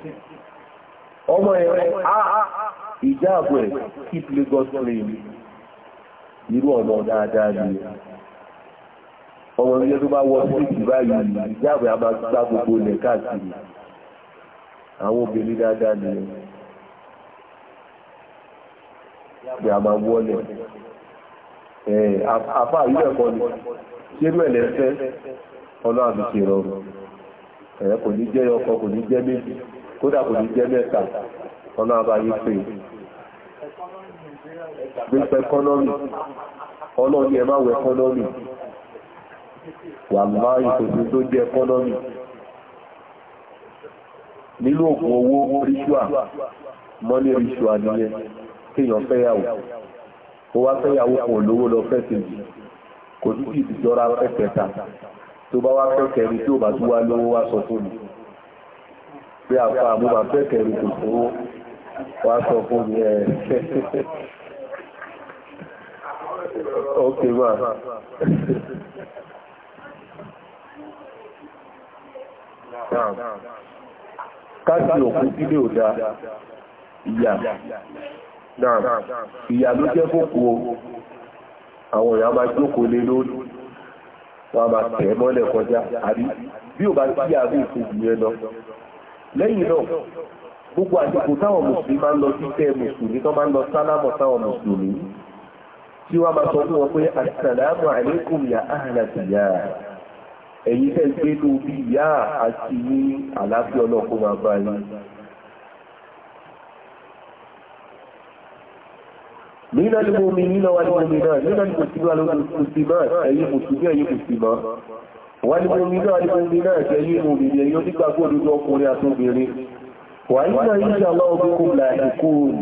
ọmọ ẹ̀rẹ́ ah, ah, ìjáàbò ẹ̀ keep Lagos plain irú ọ̀nà dáadáa ni ọmọ ilé tó bá wọ sí ìbáyìí ìjáàbò ẹ̀ àwọn obìnrin dáadáa ni bí a máa wọlé àbá ìlú ẹ̀kọ́ ni ṣérú ẹ̀lẹ́fẹ́ ọlọ́àbí ṣe rọrùn ẹ̀ kò ní jẹ́ ọkọ kò ní jẹ́ méjì kódà kò ní jẹ́ mẹ́ta ọlọ́àbá yìí pé gbígbẹ́ ẹkọ́nọ́mì ọlọ́ni ẹ máa wẹ ẹkọ́nọ́mì wà máa ìkòsí tó jẹ́ ẹkọ́nọ́mì nílò ògùn owó ríṣùà mọ́lé ríṣùà nílẹ̀ kéèyàn fẹ́yàwó ó wá fẹ́yàwó kò lówó lọ fẹ́ kejì kò sí ti jọra fẹ́ kẹta tó bá wá fẹ́ kẹrin tí ó bá tún wá lówó wá sọ fún mi pé àfa àmúmà fẹ́ kẹrin kò sówó wá sọ fún mi ẹ̀ ok ma Down. Down. káàkiri òkú sílé òdá ìyà náà ìyà ló jẹ́ fòkú àwọn èèyàn máa jókòó lé lórí wọ́n máa tẹ̀ mọ́lẹ̀ kọjá àbí bí o bá sí àrí ìfòbí yẹn lọ lẹ́yìn náà gbogbo àdìkò táwọn mùsùlùmí máa ń lọ sí tẹ́ mùsùlùmí tó máa ń lọ sálámọ̀ táwọn mùsùlùmí tí wọ́n máa sọ fún wọn pé ya ẹ̀yin tẹ́ gbé ló bí ìyá àti ní àlàáfíà ọlọ́kọ́ máa bá yìí nínú alìmọ̀mí nínú alìmọ̀mí náà nínú alìmọ̀símá alìmọ̀símá ẹ̀yin mùsùlùmí ẹ̀yin mùsùlùmá wà alìmọ̀mí náà alìmọ̀mí náà ẹ̀yin mùmí ẹ̀yin onígbàgbọ́ òdúdú ọkùnrin àtòbìnrin wà nínú ìṣẹ́ aláwọ̀gbọ́kùn láìkóòrùn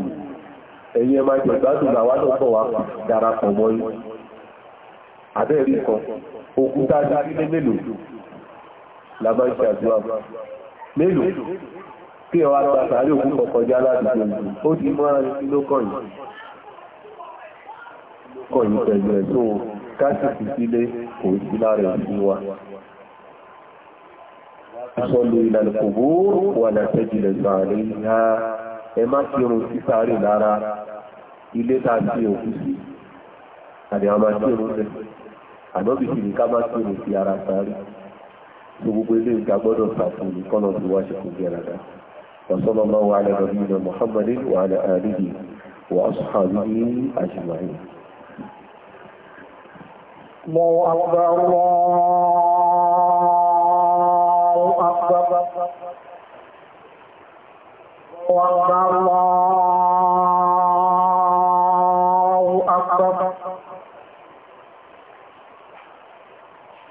ẹ̀yin ẹ̀mà ìgbàgbàdùn àwọn àdọ́gbọ̀ wa darapọ̀ mọ́ yìí abẹ́ẹ̀rí kan òkúta dáadé mélòó la máa ń ṣe àdúrà mélòó kí ọwá gba sàárè òkú kọkọjá aládùúgbò ó ti mọ́ ara sí ló kọ̀yìn kọ̀yìn pẹ̀lú ẹ̀ tó kásìkì sílé kò sí lára ìlú wa ìṣọ́lù ìlànà kògbó wà látẹ́jìlẹ̀ sàárè ìhà ẹ má fi irun sí sàárè lára ilé tá a ti òkú sí àdìyàn máa fi irun lẹ́sẹ̀ àdọ́bì sì ní ká má sí ní ti ara sáré tó gbogbo ilé ìgbà gbọ́dọ̀ sàfún ní kọ́nà tí wá ṣe kò jẹ́ rárá وصلى الله على نبينا محمد وعلى آله وأصحابه أجمعين الله أكبر الله أكبر الله أكبر الله أكبر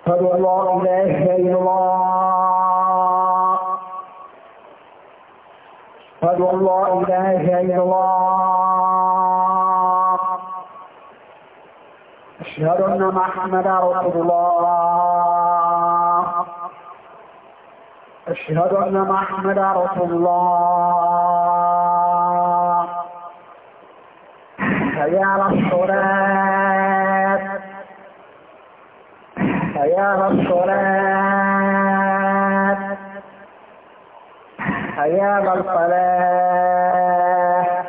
أشهد أن لا إله إلا الله أشهد أن لا إله إلا الله أشهد أن محمدا رسول الله أشهد أن محمدا رسول الله حي على الصلاة حياها الصلاة حياها الصلاة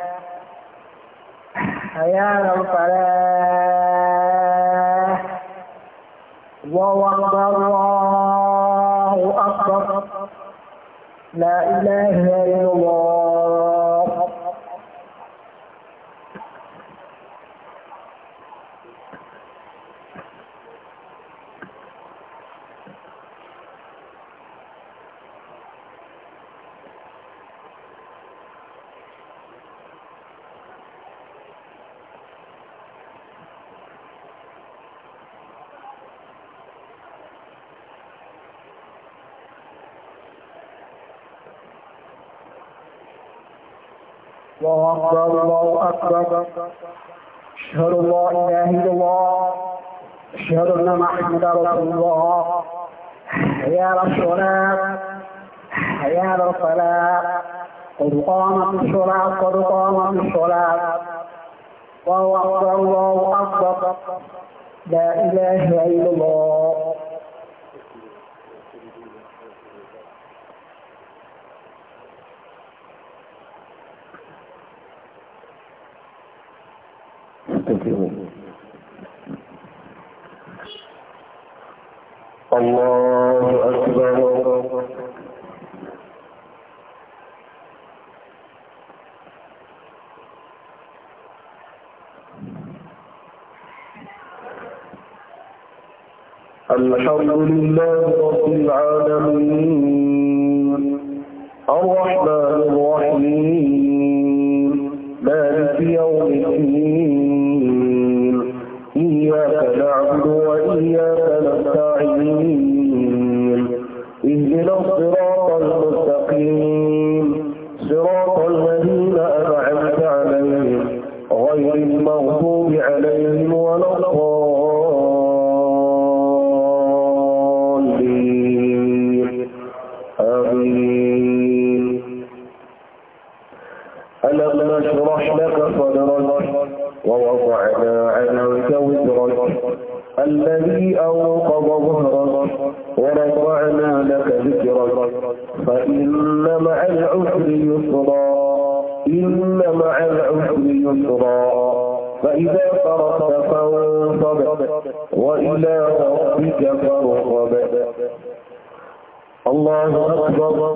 حياها الصلاة ووقت الله أكبر لا إله إلا الله الله أكبر الله أكبر أشهد أن لا إله إلا الله أشهد أن محمدا رسول الله يا الصلاة يا الصلاة قد قامت الصلاة قد قامت الصلاة الله أكبر الله أكبر لا إله إلا الله الله أكبر الحمد لله رب العالمين الرحمن الرحيم أوقظ أوقض ظهرك ورفعنا لك ذكرك فإن مع العسر يسرا إن مع العسر يسرا فإذا فرغت فانصب وإلى ربك فارغب الله أكبر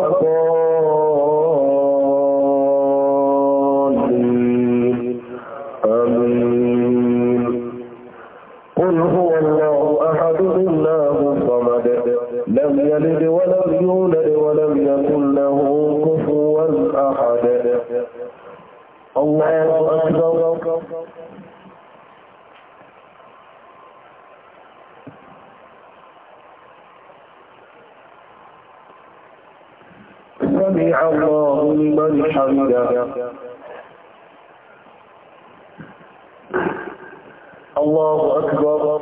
يلد ولم يولد ولم يكن له كفوا أحد الله أكبر سمع الله لمن حمده الله أكبر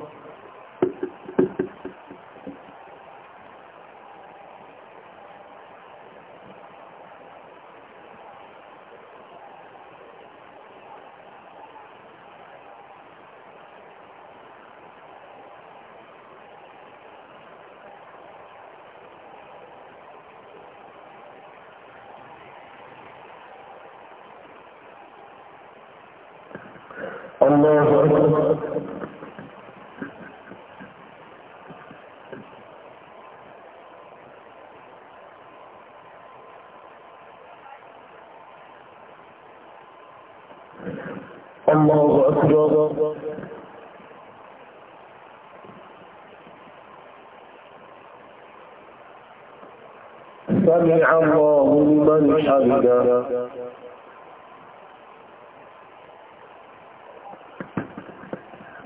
الله أكبر الله أكبر سمع الله لمن حمده